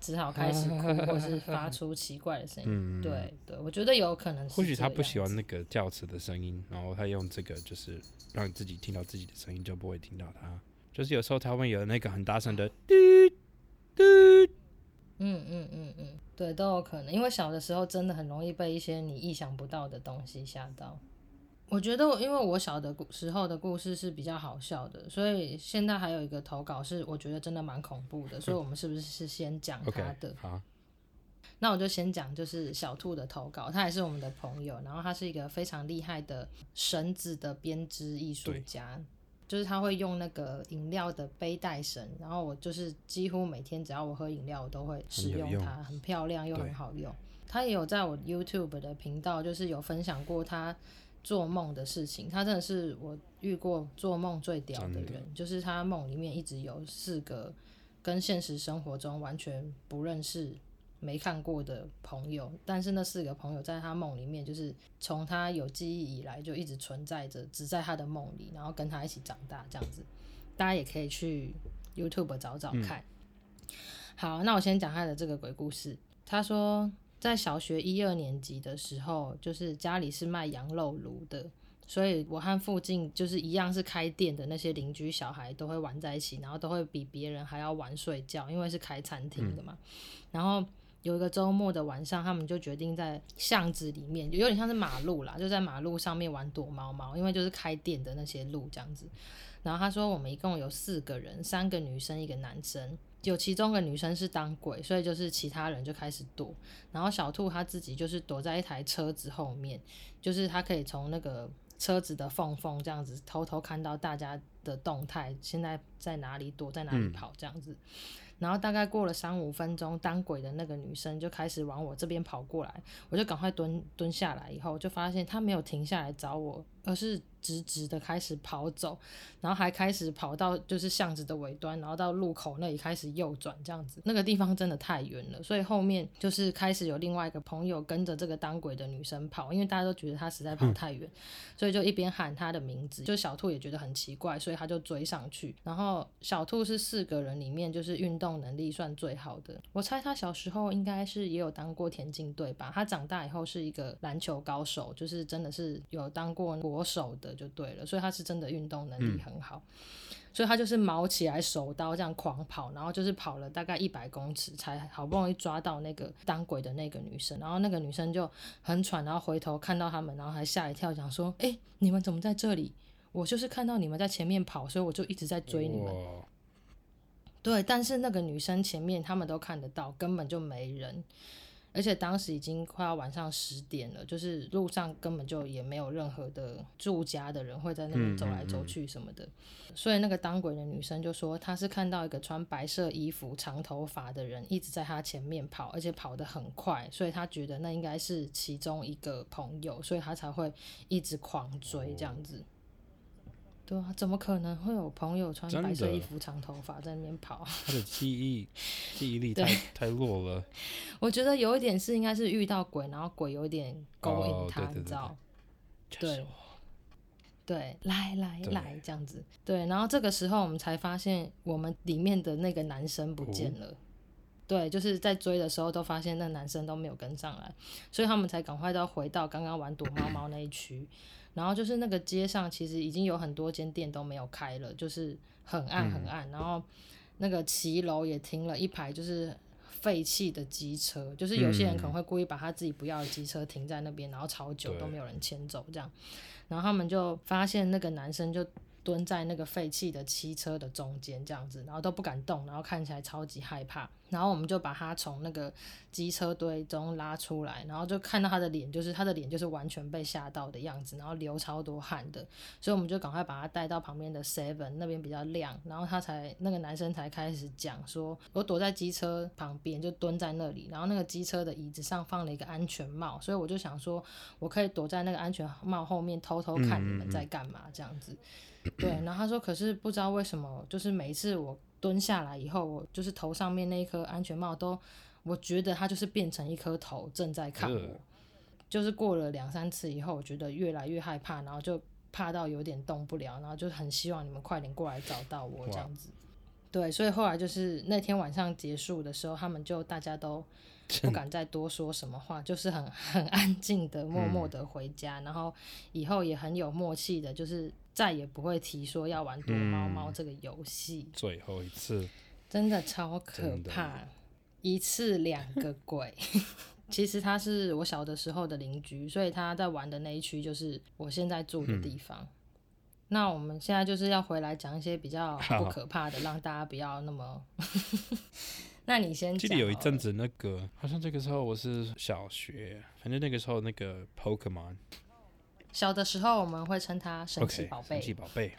只好開始哭或者是發出奇怪的聲音。嗯、對對，我覺得有可能是。或許他不喜歡那個吊車的聲音，然後他用這個就是讓自己聽到自己的聲音，就不會聽到他。就是有時候他會有那個很大聲的。嗯嗯嗯嗯，對，都有可能，因為小的時候真的很容易被一些你意想不到的東西嚇到。我覺得，因為我小的時候的故事是比較好笑的，所以現在還有一個投稿是我覺得真的蠻恐怖的，所以我們是不是是先講他的？Okay, 好那我就先講就是小兔的投稿，他也是我們的朋友，然後他是一個非常厲害的繩子的編織藝術家。就是他會用那個飲料的背帶繩，然後我就是幾乎每天只要我喝飲料，我都會使用它，很有用，很漂亮又很好用。對他也有在我 YouTube 的頻道，就是有分享過他做夢的事情。他真的是我遇過做夢最屌的人，的就是他夢裡面一直有四個跟現實生活中完全不認識沒看過的朋友，但是那四個朋友在他夢裡面，就是從他有記憶以來就一直存在着，只在他的夢裡，然後跟他一起長大這樣子。大家也可以去 YouTube 找找看。嗯、好，那我先講他的這個鬼故事。他說，在小學一二年級的時候，就是家裡是賣羊肉爐的，所以我和附近就是一樣是開店的那些鄰居小孩都會玩在一起，然後都會比別人還要晚睡覺，因為是開餐廳的嘛。嗯、然後。有一個周末的晚上，他們就決定在巷子裡面，就有點像是馬路啦，就在馬路上面玩躲貓貓。因為就是開店的那些路這樣子。然後他說，我們一共有四個人，三個女生一個男生，有其中一個女生是當鬼，所以就是其他人就開始躲。然後小兔他自己就是躲在一台車子後面，就是他可以從那個車子的縫縫這樣子偷偷看到大家的動態，現在在哪裡躲，在哪裡跑這樣子。嗯然後大概過了三五分鐘，當鬼的那個女生就開始往我這邊跑過來，我就趕快蹲蹲下來以後，就發現她沒有停下來找我，而是。直直的開始跑走，然後還開始跑到就是巷子的尾端，然後到路口那裡開始右轉，這樣子那個地方真的太遠了，所以後面就是開始有另外一個朋友跟着這個當鬼的女生跑，因為大家都覺得她實在跑太遠，嗯。所以就一邊喊她的名字，就小兔也覺得很奇怪，所以他就追上去，然後小兔是四個人裡面就是運動能力算最好的，我猜他小時候應該是也有當過田徑隊吧，他長大以後是一個籃球高手，就是真的是有當過國手的。就對了，所以他是真的運動能力很好，嗯、所以他就是毛起來手刀這樣狂跑，然後就是跑了大概一百公尺才好不容易抓到那個當鬼的那個女生，然後那個女生就很喘，然後回頭看到他們，然後還嚇一跳，講說：“哎、欸，你們怎麼在這裡？我就是看到你們在前面跑，所以我就一直在追你們。哇”對，但是那個女生前面他們都看得到，根本就沒人。而且當時已經快要晚上十點了，就是路上根本就也沒有任何的住家的人會在那邊走來走去什麼的，嗯嗯嗯。所以那個當鬼的女生就說她是看到一個穿白色衣服、長頭髮的人一直在她前面跑，而且跑得很快，所以她覺得那應該是其中一個朋友，所以她才會一直狂追這樣子。哦。對啊，怎麼可能會有朋友穿白色衣服、長頭髮在那邊跑？他的記憶記憶力太 對太弱了。我覺得有一點是應該是遇到鬼，然後鬼有點勾引他，oh, 對對對對你知道？實對，對，來來來，對來這樣子。對，然後這個時候我們才發現我們裡面的那個男生不見了。嗯、對，就是在追的時候都發現那男生都沒有跟上來，所以他們才趕快要回到剛剛玩躲貓貓那一區。 然後就是那個街上，其實已經有很多間店都沒有開了，就是很暗很暗。嗯、然後那個騎樓也停了一排，就是廢棄的機車，就是有些人可能會故意把他自己不要的機車停在那邊，嗯、然後超久都沒有人牽走這樣。對然後他們就發現那個男生就蹲在那個廢棄的汽車的中間，這樣子，然後都不敢動，然後看起來超級害怕，然後我們就把他從那個機車堆中拉出來，然後就看到他的臉，就是他的臉就是完全被嚇到的樣子，然後流超多汗的，所以我們就趕快把他帶到旁邊的 Seven 那邊比較亮，然後他才那個男生才開始講說，我躲在機車旁邊就蹲在那裡，然後那個機車的椅子上放了一個安全帽，所以我就想說，我可以躲在那個安全帽後面偷偷看你們在幹嘛這樣子。 對，然後他說，可是不知道為什麼，就是每一次我蹲下來以後，我就是頭上面那一顆安全帽都，我覺得它就是變成一顆頭正在看我。嗯、就是過了兩三次以後，我覺得越來越害怕，然後就怕到有點動不了，然後就很希望你們快點過來找到我哇這樣子。對，所以後來就是那天晚上結束的時候，他們就大家都不敢再多說什麼話，嗯、就是很很安靜的、默默的回家，嗯、然後以後也很有默契的，就是。再也不會提說要玩躲貓貓這個遊戲。最後一次，真的超可怕，一次兩個鬼。其實他是我小的時候的鄰居，所以他在玩的那一區就是我現在住的地方。那我們現在就是要回來講一些比較不可怕的，讓大家不要那麼。 那你先講。記得有一陣子那個，好像這個時候我是小學，反正那個時候那個 Pokemon、ok。小的時候我們會稱它神奇寶貝，okay, 神奇寶貝，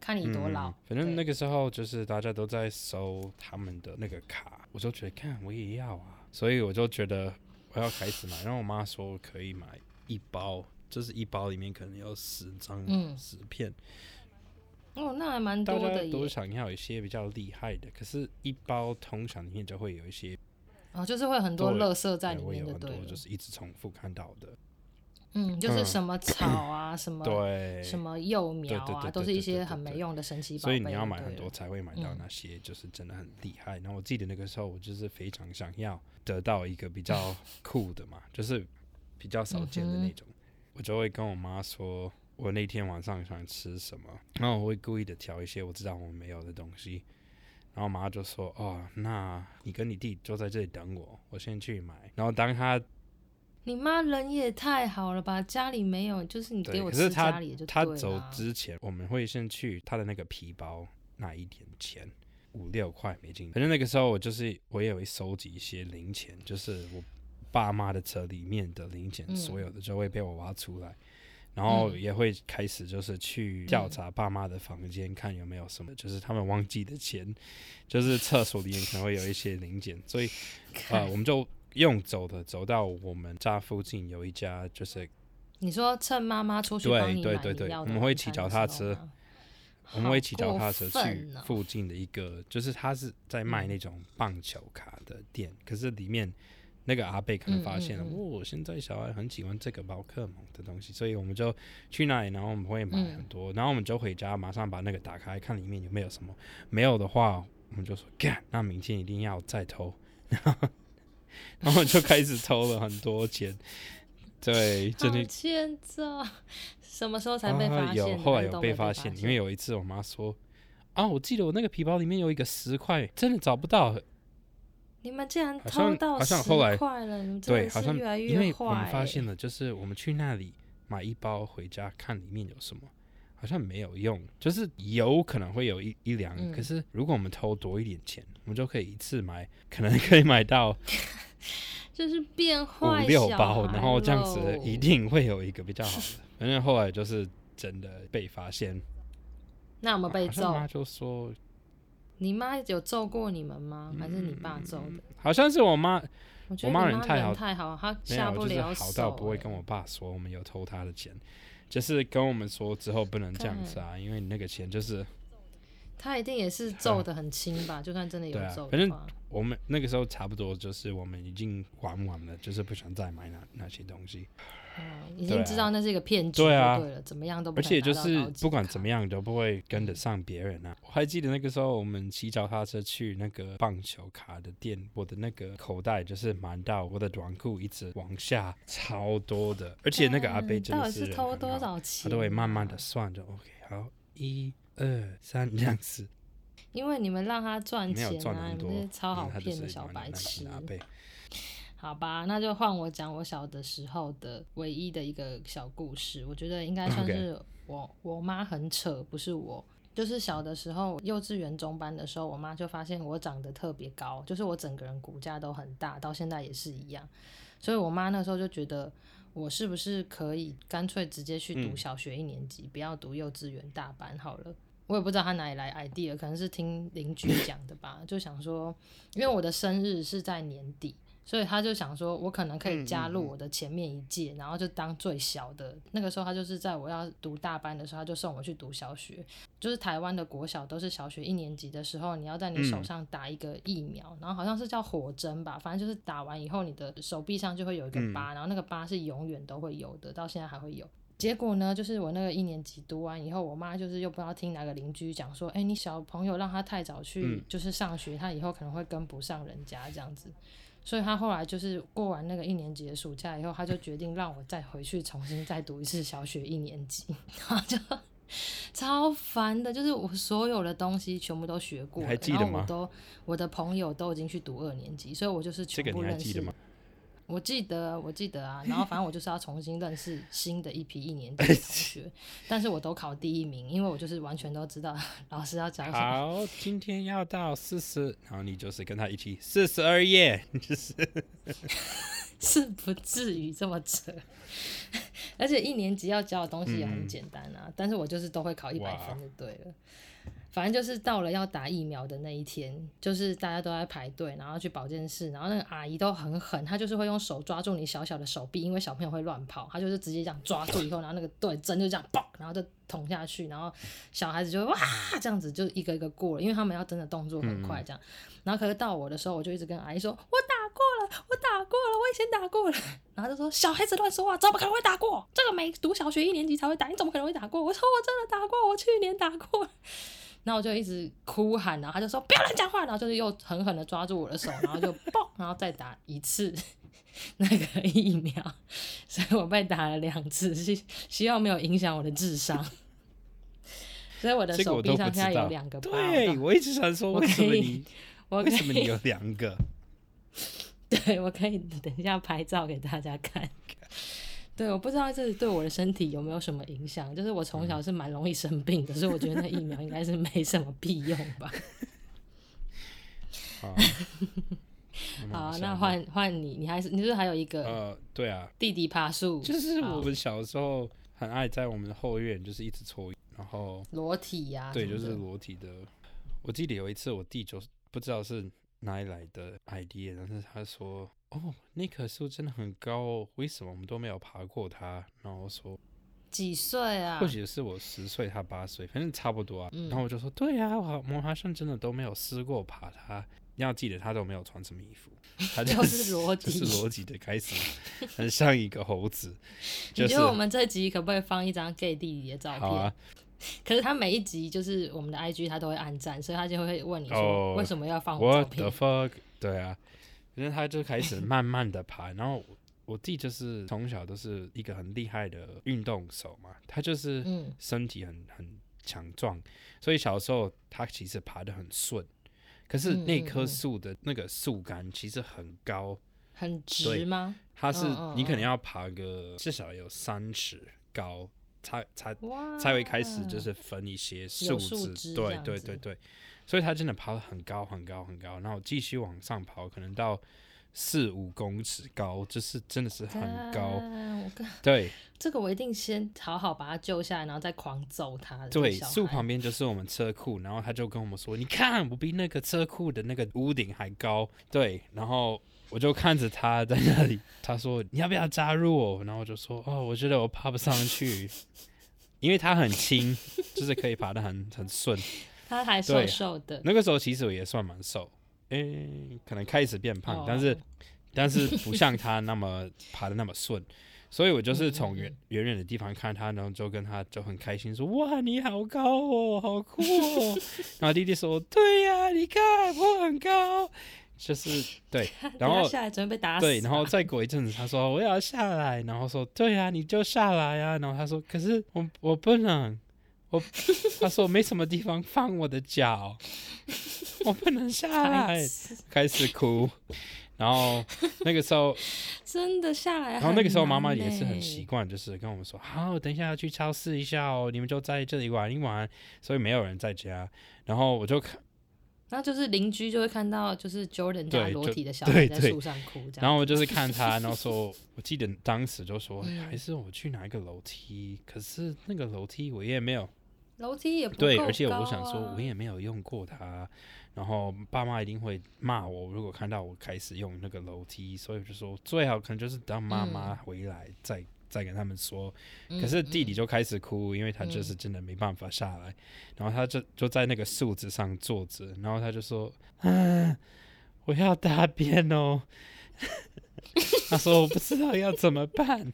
看你多老。嗯、反正對那個時候就是大家都在收他們的那個卡，我就覺得看我也要啊，所以我就覺得我要開始買。然後 我媽說我可以買一包，就是一包裡面可能有十張、嗯、十片。哦，那還蠻多的。大家都想要一些比較厲害的，可是，一包通常裡面就會有一些，哦，就是會很多垃圾在裡面，對，有很多就是一直重複看到的。嗯，就是什麼草啊，嗯、什麼對什麼幼苗啊，都是一些很沒用的神奇寶貝。所以你要買很多才會買到那些，就是真的很厲害。嗯、然後我記得那個時候，我就是非常想要得到一個比較酷的嘛， 就是比較少見的那種。嗯、哼我就會跟我媽說，我那天晚上想吃什麼，然後我會故意的挑一些我知道我沒有的東西，然後我媽就說，哦，那你跟你弟就在這裡等我，我先去買。然後當他。你媽人也太好了吧！家裡沒有，就是你給我吃的對對。可是他家裡就他走之前，我們會先去他的那個皮包拿一點錢，五六塊美金。反正那個時候，我就是我也會收集一些零錢，就是我爸媽的車裡面的零錢，嗯、所有的就會被我挖出來，然後也會開始就是去調查爸媽的房間，嗯、看有沒有什麼，就是他們忘記的錢，就是廁所裡面可能會有一些零錢， 所以啊、呃，我們就。用走的走到我們家附近有一家就是，你說趁媽媽出去對對對對，對，我們會騎腳踏車，我們會騎腳踏車去附近的一個，就是他是在賣那種棒球卡的店。可是裡面那個阿伯可能發現了，哦，現在小孩很喜歡這個寶可夢的東西，所以我們就去那裡，然後我們會買很多，然後我們就回家馬上把那個打開看裡面有沒有什麼，沒有的話我們就說幹，那明天一定要再偷。 然後就開始偷了很多錢， 對，真的，好欠揍哦。什麼時候才被發現？啊，有，後來有被發現，因為有一次我媽說：“啊，我記得我那個皮包裡面有一個十塊，真的找不到。”你們竟然偷到十塊了？好像後來。對，好像越來越壞。因為我們發現了，就是我們去那裡買一包回家看裡面有什麼。好像沒有用，就是有可能會有一一兩，嗯、可是如果我們偷多一點錢，我們就可以一次買，可能可以買到，就是變壞五六包，然後這樣子一定會有一個比較好的。反正 後來就是真的被發現，那我們被揍？我媽就說，你媽有揍過你們嗎？還是你爸揍的？嗯、好像是我媽，我媽人太好人太好，她下不了手，就是好到不會跟我爸說、欸、我們有偷她的錢。就是跟我們說之後不能這樣子啊，很因為你那個錢就是，他一定也是皺得很輕吧？呵就算真的有皺的話，啊，反正我們那個時候差不多就是我們已經還完了，就是不想再買那那些東西。嗯、已經知道那是一個騙局，對了，對啊、怎麼樣都而且就是不管怎麼樣都不會跟得上別人啊！我還記得那個時候我們騎腳踏車去那個棒球卡的店，我的那個口袋就是滿到我的短褲一直往下超多的，而且那個阿伯到底是偷多少錢？啊？他都會慢慢的算，就 OK，好，一二三這樣子， 因為你們讓他賺錢啊，你們超好騙的小白痴。好吧，那就換我講我小的時候的唯一的一個小故事。我覺得應該算是我 Okay. 我媽很扯，不是我，就是小的時候，幼稚園中班的時候，我媽就發現我長得特別高，就是我整個人骨架都很大，到現在也是一樣。所以我媽那時候就覺得，我是不是可以乾脆直接去讀小學一年級，嗯、不要讀幼稚園大班好了。我也不知道她哪裡來 idea，可能是聽鄰居講的吧。嗯、就想說，因為我的生日是在年底，所以他就想說，我可能可以加入我的前面一屆，嗯嗯嗯、然後就當最小的，那個時候他就是在我要讀大班的時候，他就送我去讀小學。就是台灣的國小都是小學一年級的時候，你要在你手上打一個疫苗，嗯、然後好像是叫火針吧，反正就是打完以後你的手臂上就會有一個疤，嗯，然後那個疤是永遠都會有的，到現在還會有。結果呢，就是我那個一年級讀完以後，我媽就是又不知道聽哪個鄰居講說，哎、欸，你小朋友讓他太早去就是上學，他以後可能會跟不上人家這樣子。所以他後來就是過完那個一年級的暑假以後，他就決定讓我再回去重新再讀一次小學一年級，然後就超煩的，就是我所有的東西全部都學過了，你還記得嗎？然後我都我的朋友都已經去讀二年級，所以我就是全部認識我記得，我記得啊，然後反正我就是要重新認識新的一批一年級的同學， 但是我都考第一名，因為我就是完全都知道老師要講什麼。好，今天要到四十，然後你就是跟他一起四十二頁，就是， 是不至於這麼扯，而且一年級要教的東西也很簡單啊，嗯，但是我就是都會考一百分就對了。反正就是到了要打疫苗的那一天，就是大家都在排隊，然後去保健室，然後那個阿姨都很狠，她就是會用手抓住你小小的手臂，因為小朋友會亂跑，她就是直接這樣抓住以後，然後那個對針就這樣嘣，然後就捅下去，然後小孩子就哇這樣子就一個一個過了，因為他們要真的動作很快這樣。嗯嗯。然後可是到我的時候，我就一直跟阿姨說，我打過了，我打過了，我以前打過了。然後就說小孩子亂說話，怎麼可能會打過？這個沒讀小學一年級才會打，你怎麼可能會打過？我說我真的打過，我去年打過。那我就一直哭喊，然後他就說不要亂講話，然後就是又狠狠的抓住我的手，然後就嘣，然後再打一次那個疫苗，所以我被打了兩次，希希望沒有影響我的智商。所以我的手臂上現在有兩個包。對，我一直想說為什麼你，為什麼你有兩個？對，我可以等一下拍照給大家看。對，我不知道這是對我的身體有沒有什麼影響。就是我從小是蠻容易生病的，嗯、可是我覺得那疫苗應該是沒什麼屁用吧。好，那換換你，你還是你是還有一個弟弟呃，對啊，弟弟爬樹，就是我們小時候很愛在我們的後院，就是一直抽，然後裸體呀、啊，對，就是裸體的。的我記得有一次我弟就是不知道是。哪裡來的 idea？但是他說：“哦，那棵、個、樹真的很高、哦，為什麼我們都沒有爬過它？”然後說：“幾歲啊？”或許是我十歲，他八歲，反正差不多啊。嗯、然後我就說：“對啊，我好像真的都沒有試過爬它。你要記得，他都沒有穿什麼衣服。他”這 就是邏輯，是邏輯的開始很，很像一個猴子。 就是、你覺得我們這集可不可以放一張 gay 弟弟的照片啊？可是他每一集就是我們的 IG，他都會按讚，所以他就會問你說，為什麼要放我的照片？Oh, 對啊，因為他就開始慢慢的爬。 然後我弟就是從小都是一個很厲害的運動手嘛，他就是身體很很強壯，嗯、所以小時候他其實爬得很順。可是那棵樹的那個樹幹其實很高，很直嗎？他是你可能要爬個至少、哦哦、有三尺高。才才才會開始就是分一些樹枝，對對對對，所以他真的爬得很高很高很高，然後繼續往上爬，可能到四五公尺高，就是真的是很高。啊、對，這個我一定先好好把他救下來，然後再狂揍他。那個、對，樹旁邊就是我們車庫，然後他就跟我們說：“你看，我比那個車庫的那個屋頂還高。”對，然後。我就看着他在那裡，他說：“你要不要加入我？”然後我就說：“哦，我覺得我爬不上去，因為他很輕， 就是可以爬的很很順。”他還算瘦，瘦的。那個時候其實我也算蠻瘦，誒、欸，可能開始變胖，Oh. 但是但是不像他那麼爬的那麼順，所以我就是從遠遠遠的地方看他，然後就跟他就很開心說：“哇，你好高哦，好酷哦！”然後弟弟說：“對呀，你看，我很高。”就是對，然後下對，然後再過一陣子，他說我也要下來，然後說對呀、啊，你就下來呀、啊。然後他說可是我我不能，我 他說沒什麼地方放我的腳， 我不能下來，是開始哭。然後那個時候 真的下來。然後那個時候媽媽也是很習慣，就是跟我們說 好，等一下要去超市一下哦，你們就在這裡玩一玩。所以沒有人在家，然後我就看。然後就是鄰居就會看到，就是 Jordan 家裸體的小孩在樹上哭。然後我就是看他，然後說 我記得當時就說，還是我去拿一個樓梯，可是那個樓梯我也沒有，樓梯也不、啊、對，而且我想說我也沒有用過它，然後爸媽一定會罵我，如果看到我開始用那個樓梯，所以我就說最好可能就是等媽媽回來再。嗯再跟他們說，可是弟弟就開始哭，因為他就是真的沒辦法下來，嗯、然後他就就在那個樹枝上坐着，然後他就說：“啊，我要大便哦。 ”他說：“我不知道要怎麼辦。”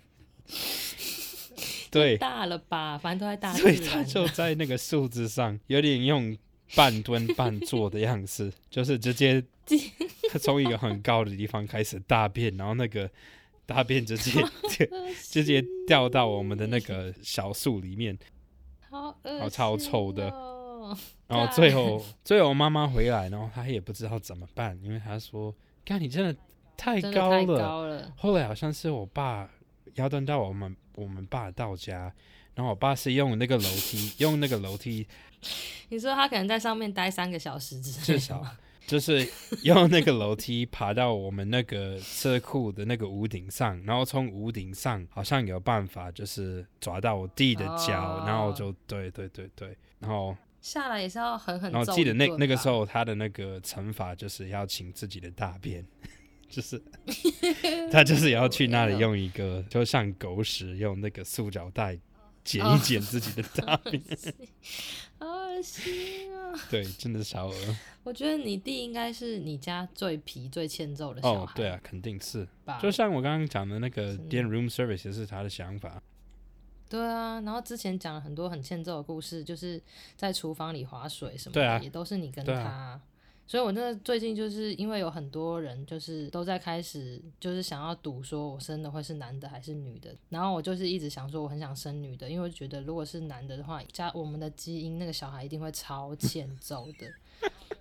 對，大了吧，反正都在大，所以他就在那個樹枝上，有點用半蹲半坐的樣子，就是直接他從一個很高的地方開始大便， 然後那個。大便直接直接掉到我們的那個小樹裡面，好噁心、哦，好、哦、超臭的。然後最後幹最後媽媽回來，然後她也不知道怎麼辦，因為她說：“看你真的太高了。高了”後來好像是我爸要等到我們我們爸到家，然後我爸是用那個樓梯， 用那個樓梯。你說他可能在上面待三個小時，至少。就是用那個樓梯爬到我們那個車庫的那個屋頂上，然後從屋頂上好像有辦法，就是抓到我弟的腳，哦、然後就對對對對，然後下來也是要狠狠，然後記得那那個時候他的那個懲罰就是要清自己的大便，就是 他就是也要去那裡用一個， 就像狗屎用那個塑膠袋。剪一剪自己的大臉，哦， 好噁心啊！ 對，真的超噁心。我覺得你弟應該是你家最皮、最欠揍的小孩。哦、對啊，肯定是。吧就像我剛剛講的那個訂 room service 也是他的想法。對啊，然後之前講了很多很欠揍的故事，就是在廚房裡划水什麼的，啊、也都是你跟他。所以，我那最近就是因為有很多人，就是都在開始，就是想要賭說我生的會是男的還是女的。然後我就是一直想說，我很想生女的，因為我覺得如果是男的的話，加我們的基因那個小孩一定會超欠揍的。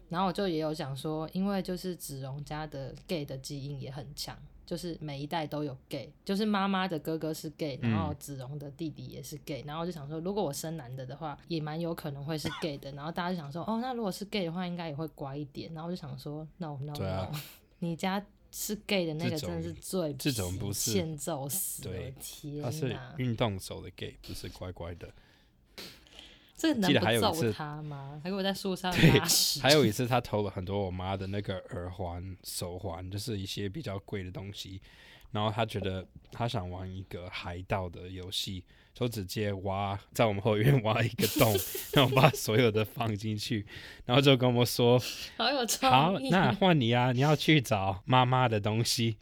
然後我就也有想說，因為就是子龍家的 gay 的基因也很強。就是每一代都有 gay，就是媽媽的哥哥是 gay，然後子龍的弟弟也是 gay，、嗯、然後我就想說，如果我生男的的話，也蠻有可能會是 gay 的。 然後大家就想說，哦，那如果是 gay 的話，應該也會乖一點。然後我就想說，No, no, no, 你家是 gay 的那個，真的是最最賤，欠揍死！了對天吶哪。他是運動手的 gay，不是乖乖的。這記得還有一次他嗎？他給我在樹上還有一次他偷了很多我媽的那個耳環、手環，就是一些比較貴的東西。然後他覺得他想玩一個海盜的遊戲，就直接挖在我們後院挖一個洞，然後把所有的放進去，然後就跟我說：“好意。”好，那換你啊，你要去找媽媽的東西。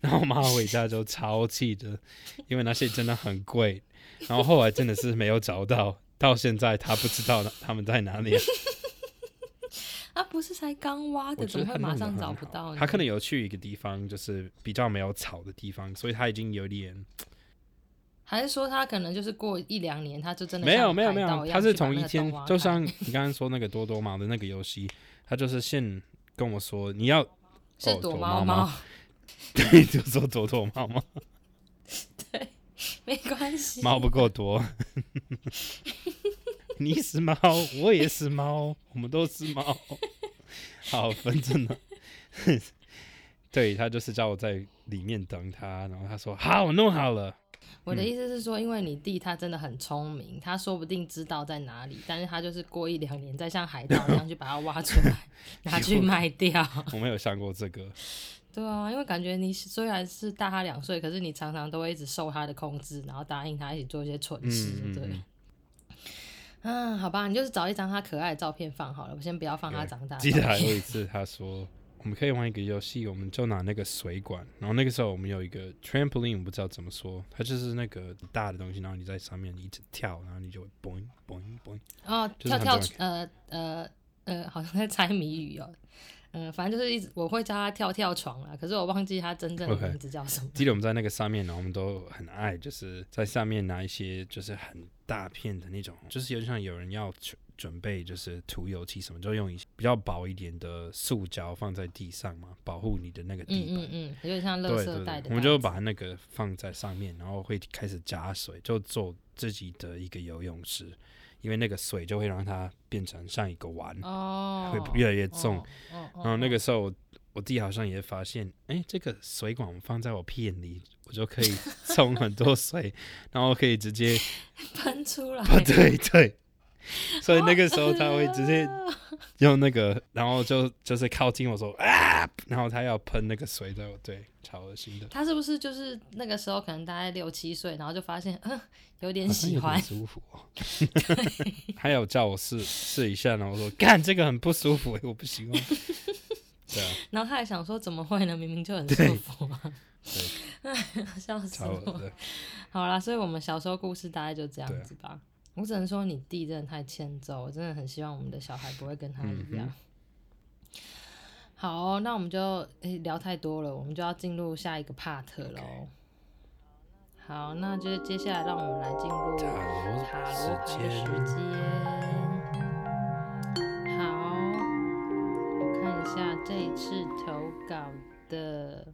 然後我媽回家就超氣的，因為那些真的很貴。然後後來真的是沒有找到。到現在他不知道他們在哪裡。啊， 他不是才剛挖的，怎麼會馬上找不到？他可能有去一個地方，就是比較沒有草的地方，所以他已經有點。還是說他可能就是過一兩年，他就真的沒有沒有沒有。他是同一天，就像你剛剛說那個多多毛的那個遊戲，他就是現跟我說，你要是躲貓貓，對，就說躲躲貓貓， 對。沒關係，貓不夠多。 你是貓，我也是貓， 我們都是貓，好分着呢。 對，他就是叫我在裡面等他，然後他說好，我弄好了。我的意思是說，因為你弟他真的很聰明，他說不定知道在哪裡，但是他就是過一兩年再像海盜一樣去把它挖出來， 拿去賣掉。我沒有想過這個。對啊，因為感覺你雖然是大他兩歲，可是你常常都會一直受他的控制，然後答應他一起做一些蠢事。對，嗯嗯嗯、啊，好吧，你就是找一張他可愛的照片放好了。我先不要放他長大、嗯。記得還有一次，他說 我們可以玩一個遊戲，我們就拿那個水管，然後那個時候我們有一個 trampoline，我不知道怎麼說，它就是那個大的東西，然後你在上面你一直跳，然後你就會 boing boing boing 哦，跳跳，跳呃呃呃，好像在猜謎語哦。 嗯，反正就是一直我會叫他跳跳床啦，可是我忘記他真正的名字叫什麼。記得我們在那個上面呢， 我們都很愛，就是在上面拿一些就是很大片的那種，就是有點像有人要準備就是塗油漆什麼，就用一些比較薄一點的塑膠放在地上嘛，保護你的那個地板。嗯嗯嗯，有、嗯、點、嗯、像樂色袋的對對對。我們就把那個放在上面，然後會開始加水，就做自己的一個游泳池。因為那個水就會讓它變成像一個碗，哦、會越來越重。哦哦哦、然後那個時候我，我弟好像也發現，哎，這個水管放在我屁眼裡，我就可以沖很多水， 然後可以直接噴出來。對對，所以那個時候他會直接。哦呃用那個，然後就就是靠近我說啊，然後他要噴那個水對我對，超惡心的。他是不是就是那個時候可能大概六七歲，然後就發現嗯，有點喜歡，啊、舒服、哦。 對他有叫我試試一下，然後我說幹這個很不舒服，我不喜歡。 啊、然後他還想說怎麼會呢？明明就很舒服、啊、對，對， 笑死我。好啦，所以我們小時候故事大概就這樣子吧。我只能說，你弟真的太欠揍。我真的很希望我們的小孩不會跟他一樣。嗯、哼好、哦，那我們就誒、欸、聊太多了，我們就要進入下一個 part 嘍。Okay. 好，那就是接下來讓我們來進入塔羅牌的時間。時間好，我看一下這一次投稿的，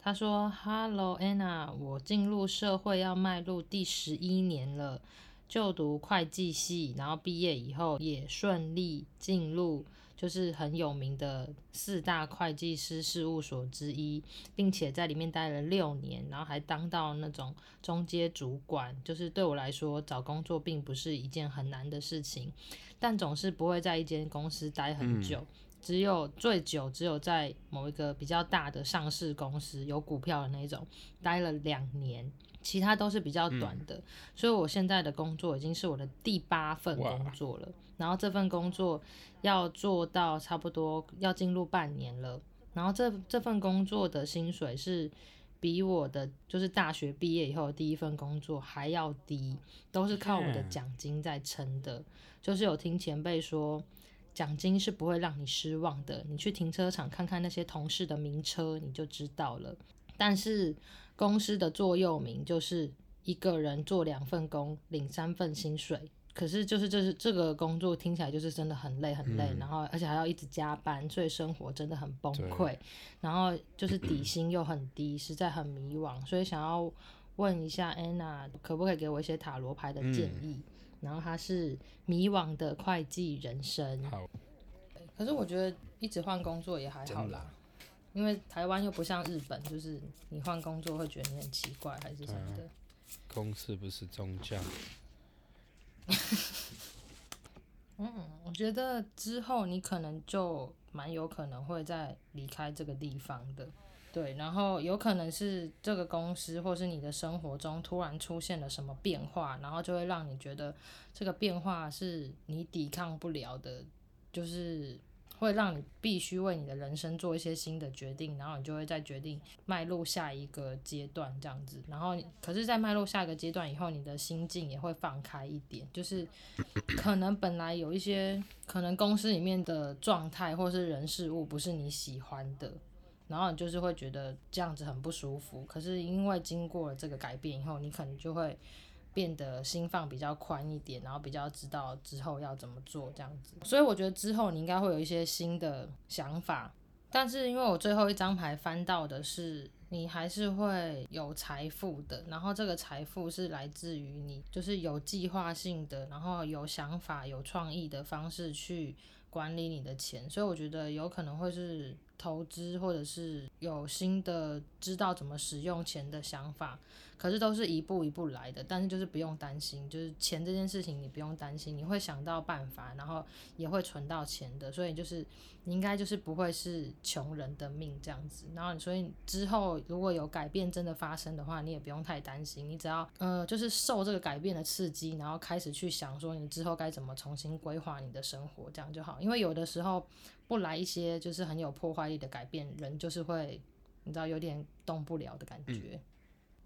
他說：“Hello Anna，我進入社會要邁入第十一年了。”就讀會計系，然後畢業以後也順利進入，就是很有名的四大會計師事務所之一，並且在裡面待了六年，然後還當到那種中階主管。就是對我來說，找工作並不是一件很難的事情，但總是不會在一間公司待很久，嗯、只有最久只有在某一個比較大的上市公司有股票的那種，待了兩年。其他都是比較短的，嗯、所以我現在的工作已經是我的第八份工作了。哇然後這份工作要做到差不多要進入半年了，然後這這份工作的薪水是比我的就是大學畢業以後第一份工作還要低，都是靠我的獎金在撐的。嗯、就是有聽前輩說，獎金是不會讓你失望的，你去停車場看看那些同事的名車，你就知道了。但是。公司的座右銘就是一個人做兩份工，領三份薪水。可是就是這是這個工作聽起來就是真的很累很累，嗯、然後而且還要一直加班，所以生活真的很崩潰。對然後就是底薪又很低，嗯、實在很迷惘，所以想要問一下安娜，可不可以給我一些塔羅牌的建議？嗯、然後他是迷惘的會計人生。好可是我覺得一直換工作也還好啦。因為台灣又不像日本，就是你換工作會覺得你很奇怪還是什麼的、啊。公司不是宗教。嗯， 我覺得之後你可能就蠻有可能會再離開這個地方的。對，然後有可能是這個公司，或是你的生活中突然出現了什麼變化，然後就會讓你覺得這個變化是你抵抗不了的，就是。會讓你必須為你的人生做一些新的決定，然後你就會在決定邁入下一個階段這樣子。然後你，可是，在邁入下一個階段以後，你的心境也會放開一點，就是可能本來有一些可能公司裡面的狀態或是人事物不是你喜歡的，然後你就是會覺得這樣子很不舒服。可是因為經過了這個改變以後，你可能就會。變得心放比較寬一點，然後比較知道之後要怎麼做這樣子，所以我覺得之後你應該會有一些新的想法，但是因為我最後一張牌翻到的是你還是會有財富的，然後這個財富是來自於你就是有計劃性的，然後有想法、有創意的方式去管理你的錢，所以我覺得有可能會是投資，或者是有新的知道怎麼使用錢的想法。可是都是一步一步來的，但是就是不用擔心，就是錢這件事情你不用擔心，你會想到辦法，然後也會存到錢的，所以就是你應該就是不會是窮人的命這樣子。然後你所以之後如果有改變真的發生的話，你也不用太擔心，你只要呃就是受這個改變的刺激，然後開始去想說你之後該怎麼重新規劃你的生活，這樣就好。因為有的時候不來一些就是很有破壞力的改變，人就是會你知道有點動不了的感覺。嗯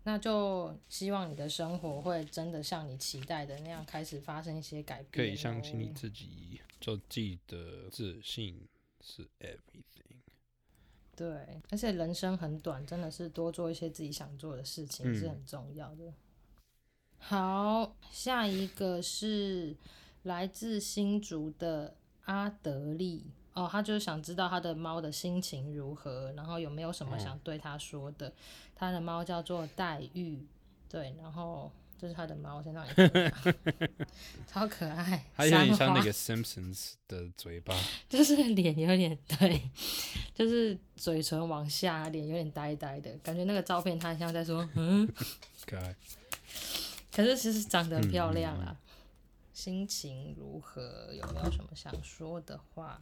那就希望你的生活會真的像你期待的那樣開始發生一些改變、喔。可以相信你自己，就記得自信是 everything。對，而且人生很短，真的是多做一些自己想做的事情、嗯、是很重要的。好，下一個是來自新竹的阿德利。哦，他就是想知道他的貓的心情如何，然後有沒有什麼想對他說的。嗯、他的貓叫做黛玉，對，然後這是他的貓，在那裡。 超可愛，有點像那個《Simpsons 的嘴巴》，就是臉有點，對，就是嘴唇往下，臉有點呆呆的感覺。那個照片，他很像在說，嗯，可愛，可是其實長得漂亮啊。嗯嗯心情如何？有沒有什麼想說的話？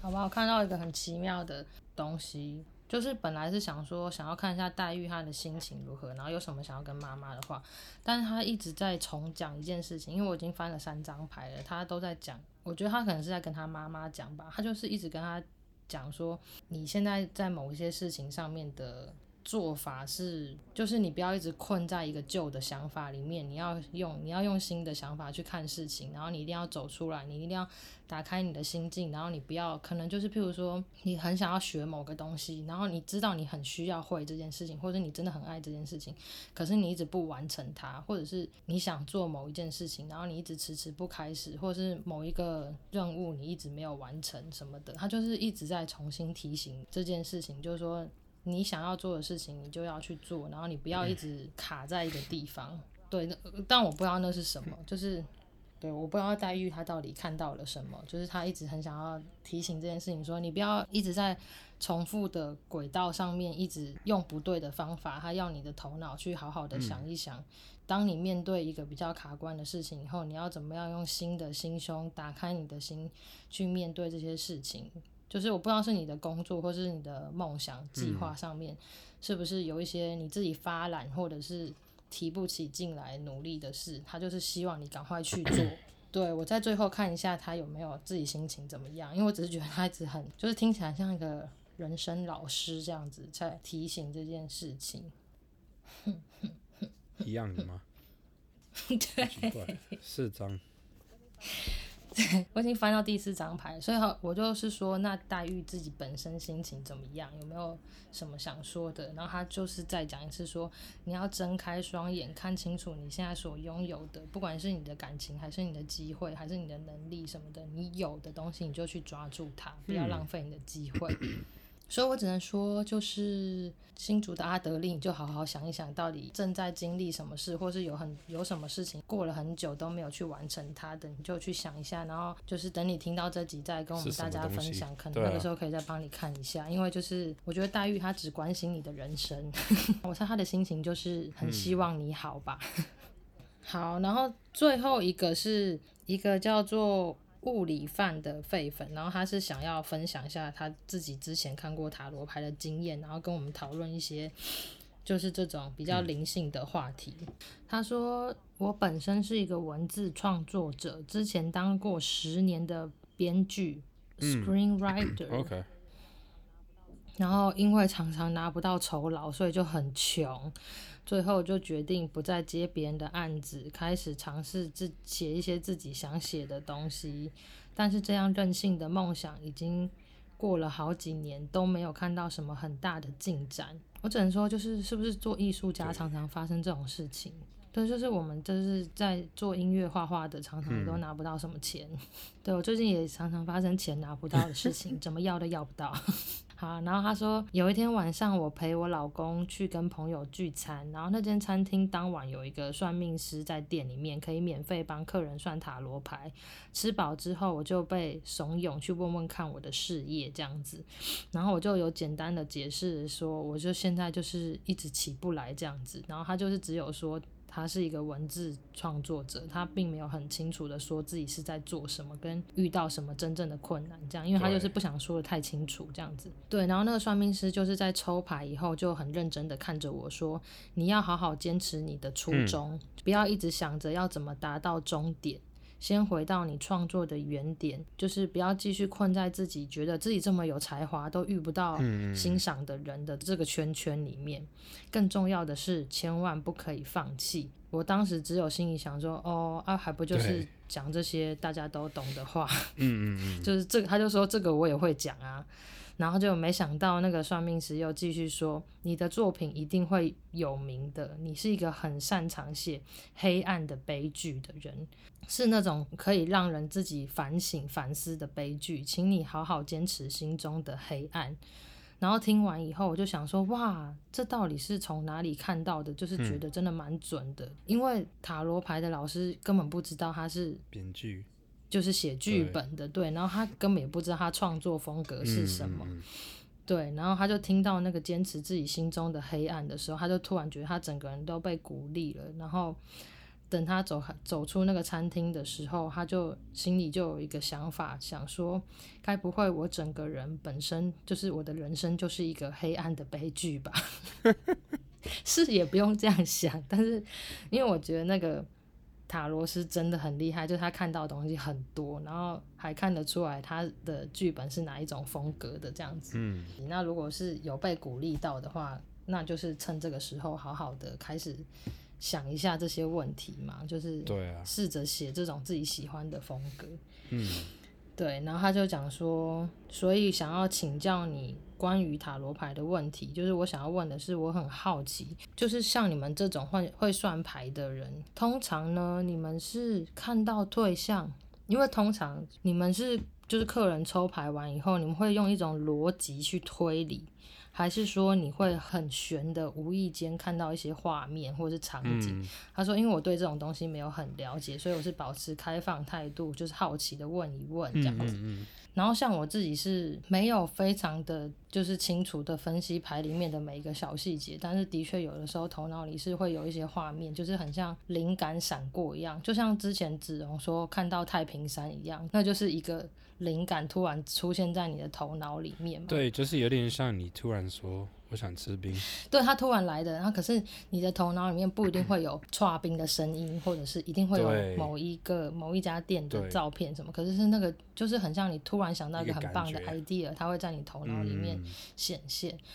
好吧，我看到一個很奇妙的東西，就是本來是想說想要看一下黛玉她的心情如何，然後有什麼想要跟媽媽的話，但是他一直在重講一件事情，因為我已經翻了三張牌了，他都在講，我覺得他可能是在跟他媽媽講吧，他就是一直跟他講說，你現在在某一些事情上面的。做法是，就是你不要一直困在一個舊的想法裡面，你要用你要用新的想法去看事情，然後你一定要走出來，你一定要打開你的心境，然後你不要可能就是，譬如說你很想要學某個東西，然後你知道你很需要會這件事情，或者是你真的很愛這件事情，可是你一直不完成它，或者是你想做某一件事情，然後你一直遲遲不開始，或者是某一個任務你一直沒有完成什麼的，他就是一直在重新提醒這件事情，就是說。你想要做的事情，你就要去做，然後你不要一直卡在一個地方。嗯、對，但我不知道那是什麼，就是，對，我不知道黛玉她到底看到了什麼，就是她一直很想要提醒這件事情說，說你不要一直在重複的軌道上面，一直用不對的方法。她要你的頭腦去好好的想一想，嗯、當你面對一個比較卡關的事情以後，你要怎麼樣用新的心胸打開你的心，去面對這些事情。就是我不知道是你的工作或是你的夢想計劃上面，是不是有一些你自己發懶或者是提不起勁來努力的事？他就是希望你趕快去做。 對，我再最後看一下他有沒有自己心情怎麼樣，因為我只是覺得他一直很，就是聽起來像一個人生老師這樣子在提醒這件事情。 一樣的嗎？ 對，是四張。對，我已經翻到第四張牌，所以好，我就是說，那黛玉自己本身心情怎麼樣？有沒有什麼想說的？然後他就是再講一次說，說你要睜開雙眼，看清楚你現在所擁有的，不管是你的感情，還是你的機會，還是你的能力什麼的，你有的東西你就去抓住它，不要浪費你的機會。嗯 所以，我只能說，就是新竹的阿德利你就好好想一想，到底正在經歷什麼事，或是有很有什麼事情，過了很久都沒有去完成它的，你就去想一下。然後，就是等你聽到這集再跟我們大家分享，可能那個時候可以再幫你看一下。啊、因為就是我覺得黛玉他只關心你的人生， 我猜他的心情就是很希望你好吧。嗯、好，然後最後一個是，一個叫做物理飯的廢粉，然後他是想要分享一下他自己之前看過塔羅牌的經驗，然後跟我們討論一些就是這種比較靈性的話題。嗯、他說：“我本身是一個文字創作者，之前當過十年的編劇、嗯、（screenwriter），、嗯 okay. 然後因為常常拿不到酬勞，所以就很窮。”最後就決定不再接別人的案子，開始嘗試自寫一些自己想寫的東西。但是這樣任性的夢想已經過了好幾年，都沒有看到什麼很大的進展。我只能說，就是是不是做藝術家常常發生這種事情？對，對，就是我們就是在做音樂、畫畫的，常常都拿不到什麼錢。嗯、 對，我最近也常常發生錢拿不到的事情， 怎麼要都要不到。好，然後他說有一天晚上，我陪我老公去跟朋友聚餐，然後那間餐廳當晚有一個算命師在店裡面，可以免費幫客人算塔羅牌。吃飽之後，我就被慫恿去問問看我的事業這樣子，然後我就有簡單的解釋說，我就現在就是一直起不來這樣子，然後他就是只有說。他是一個文字創作者，他並沒有很清楚的說自己是在做什麼，跟遇到什麼真正的困難這樣，因為他就是不想說得太清楚這樣子。對，對，然後那個算命師就是在抽牌以後就很認真的看着我說：“你要好好堅持你的初衷，嗯、不要一直想着要怎麼達到終點。”先回到你創作的原點，就是不要繼續困在自己覺得自己這麼有才華都遇不到欣賞的人的這個圈圈裡面。嗯、更重要的是，千萬不可以放棄。我當時只有心裡想說，哦啊，還不就是講這些大家都懂的話？嗯嗯對 就是這個，他就說這個我也會講啊。然後就沒想到那個算命師又繼續說：“你的作品一定會有名的，你是一個很擅長寫黑暗的悲劇的人，是那種可以讓人自己反省反思的悲劇，請你好好堅持心中的黑暗。”然後聽完以後，我就想說：“哇，這到底是從哪裡看到的？就是覺得真的蠻準的，嗯、因為塔羅牌的老師根本不知道他是編劇。”就是寫劇本的，對，對，然後他根本也不知道他創作風格是什麼，嗯、對，然後他就聽到那個堅持自己心中的黑暗的時候，他就突然覺得他整個人都被鼓勵了。然後等他走走出那個餐廳的時候，他就心裡就有一個想法，想說，該不會我整個人本身就是我的人生就是一個黑暗的悲劇吧？ 是也不用這樣想，但是因為我覺得那個。塔羅師真的很厲害，就是他看到的東西很多，然後還看得出來他的劇本是哪一種風格的這樣子。嗯，那如果是有被鼓勵到的話，那就是趁這個時候好好的開始想一下這些問題嘛，就是對啊，試着寫這種自己喜歡的風格。嗯，對。然後他就講說，所以想要請教你。關於塔羅牌的問題，就是我想要問的是，我很好奇，就是像你們這種會會算牌的人，通常呢，你們是看到對象，因為通常你們是就是客人抽牌完以後，你們會用一種邏輯去推理。還是說你會很玄的，無意間看到一些畫面或者是場景。嗯、他說，因為我對這種東西沒有很了解，所以我是保持開放態度，就是好奇的問一問這樣子。嗯嗯嗯、然後像我自己是沒有非常的就是清楚的分析牌裡面的每一個小細節，但是的確有的時候頭腦裡是會有一些畫面，就是很像靈感閃過一樣，就像之前子龍說看到太平山一樣，那就是一個。靈感突然出現在你的頭腦裡面嗎？對，就是有點像你突然說我想吃冰。對，它突然來的，然後可是你的頭腦裡面不一定會有剉冰的聲音， 或者是一定會有某一個對某一家店的照片什麼。可是是那個，就是很像你突然想到一個很棒的 idea，它會在你頭腦裡面顯現。嗯嗯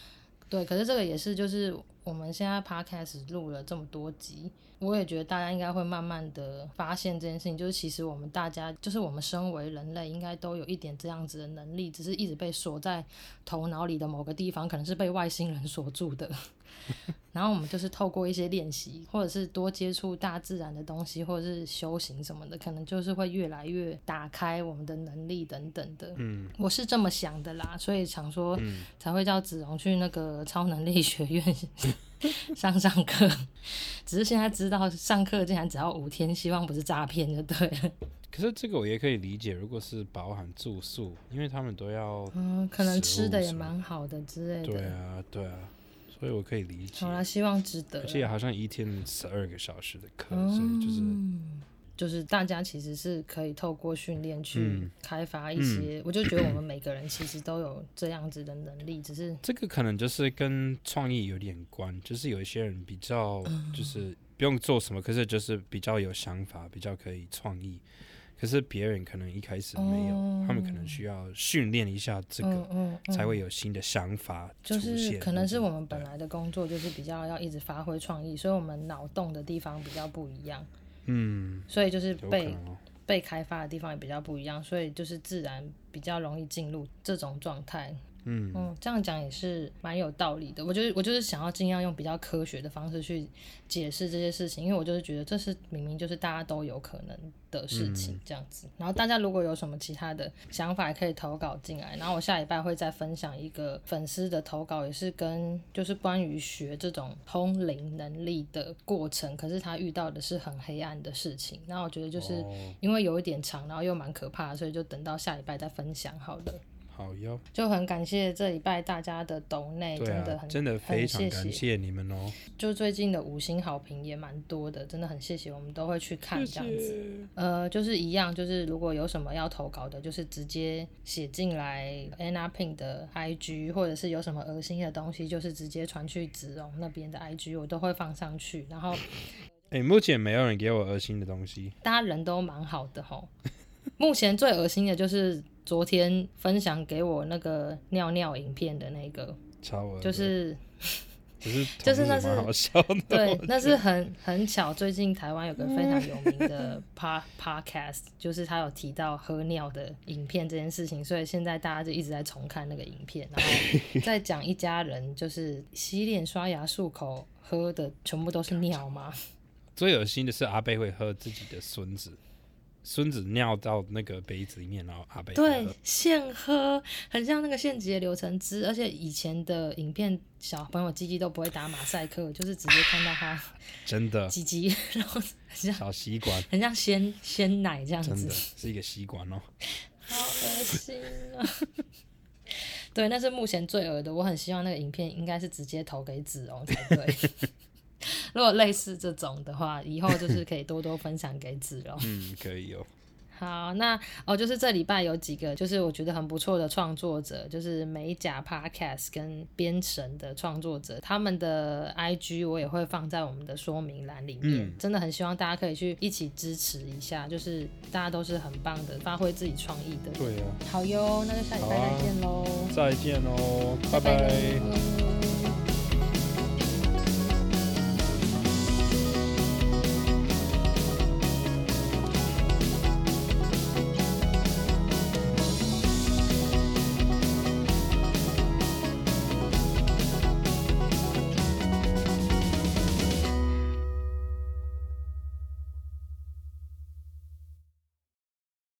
對，可是這個也是就是。我們現在 Podcast 錄了這麼多集，我也覺得大家應該會慢慢的發現這件事情，就是其實我們大家，就是我們身為人類，應該都有一點這樣子的能力,只是一直被鎖在頭腦裡的某個地方，可能是被外星人鎖住的。 然後我們就是透過一些練習，或者是多接觸大自然的東西，或者是修行什麼的，可能就是會越來越打開我們的能力等等的。嗯，我是這麼想的啦，所以想說、嗯、才會叫子龍去那個超能力學院 上上課。只是現在知道上課竟然只要五天，希望不是詐騙就對了。可是這個我也可以理解，如果是包含住宿，因為他們都要，嗯、哦，可能吃的也蠻好的之類的。對啊，對啊。所以，我可以理解。好啦，希望值得。而且好像一天十二個小時的課，哦、所以就是就是大家其實是可以透過訓練去開發一些。嗯、我就覺得我們每個人其實都有這樣子的能力，嗯、只是這個可能就是跟創意有點關，就是有一些人比較就是不用做什麼，嗯、可是就是比較有想法，比較可以創意。可是別人可能一開始沒有，嗯、他們可能需要訓練一下這個，嗯嗯嗯、才會有新的想法出現。就是可能是我們本來的工作就是比較要一直發揮創意，對對所以我們腦洞的地方比較不一樣。嗯，所以就是被、喔、被開發的地方也比較不一樣，所以就是自然比較容易進入這種狀態。嗯嗯，這樣講也是蠻有道理的。我就是我就是想要盡量用比較科學的方式去解釋這些事情，因為我就是覺得這是明明就是大家都有可能的事情這樣子。嗯，然後大家如果有什麼其他的想法，也可以投稿進來。然後我下禮拜會再分享一個粉絲的投稿，也是跟就是關於學這種通靈能力的過程，可是他遇到的是很黑暗的事情。然後我覺得就是因為有一點長，然後又蠻可怕的，所以就等到下禮拜再分享好了。好的。好喲，就很感謝這禮拜大家的抖內，啊，真的很，真的非常感謝你們哦。謝謝，就最近的五星好評也蠻多的，真的很謝謝，我們都會去看這樣子。謝謝。呃，就是一樣，就是如果有什麼要投稿的，就是直接寫進來 Anna Peen 的 I G，或者是有什麼噁心的東西，就是直接傳去子龍那邊的 I G，我都會放上去。然後，哎、 欸，目前沒有人給我噁心的東西，大家人都蠻好的吼。 目前最噁心的就是。昨天分享給我那個尿尿影片的那個，就是， 就是那是，是好笑的，對，那是很很巧。最近台灣有個非常有名的 pod podcast 就是他有提到喝尿的影片這件事情，所以現在大家就一直在重看那個影片，然後在講一家人就是洗臉、刷牙、漱口喝的全部都是尿嗎？ 最噁心的是阿伯會喝自己的孫子，孫子尿到那個杯子裡面，然後阿伯對現喝，很像那個現結流成汁，而且以前的影片小朋友雞雞都不會打馬賽克， 就是直接看到他真的雞雞，然後很像小吸管，很像鮮鮮奶這樣子真的，是一個吸管哦，好噁心啊、哦！ 對，那是目前最惡的，我很希望那個影片應該是直接投給子龍，才對。 如果類似這種的話，以後就是可以多多分享給子龍哦。 嗯，可以哦。好，那哦，就是這禮拜有幾個，就是我覺得很不錯的創作者，就是美甲 Podcast 跟編繩的創作者，他們的 IG 我也會放在我們的說明欄裡面。嗯、真的很希望大家可以去一起支持一下，就是大家都是很棒的，發揮自己創意的。對啊。好喲，那就下禮拜再見嘍、啊。再見嘍，拜拜。Bye bye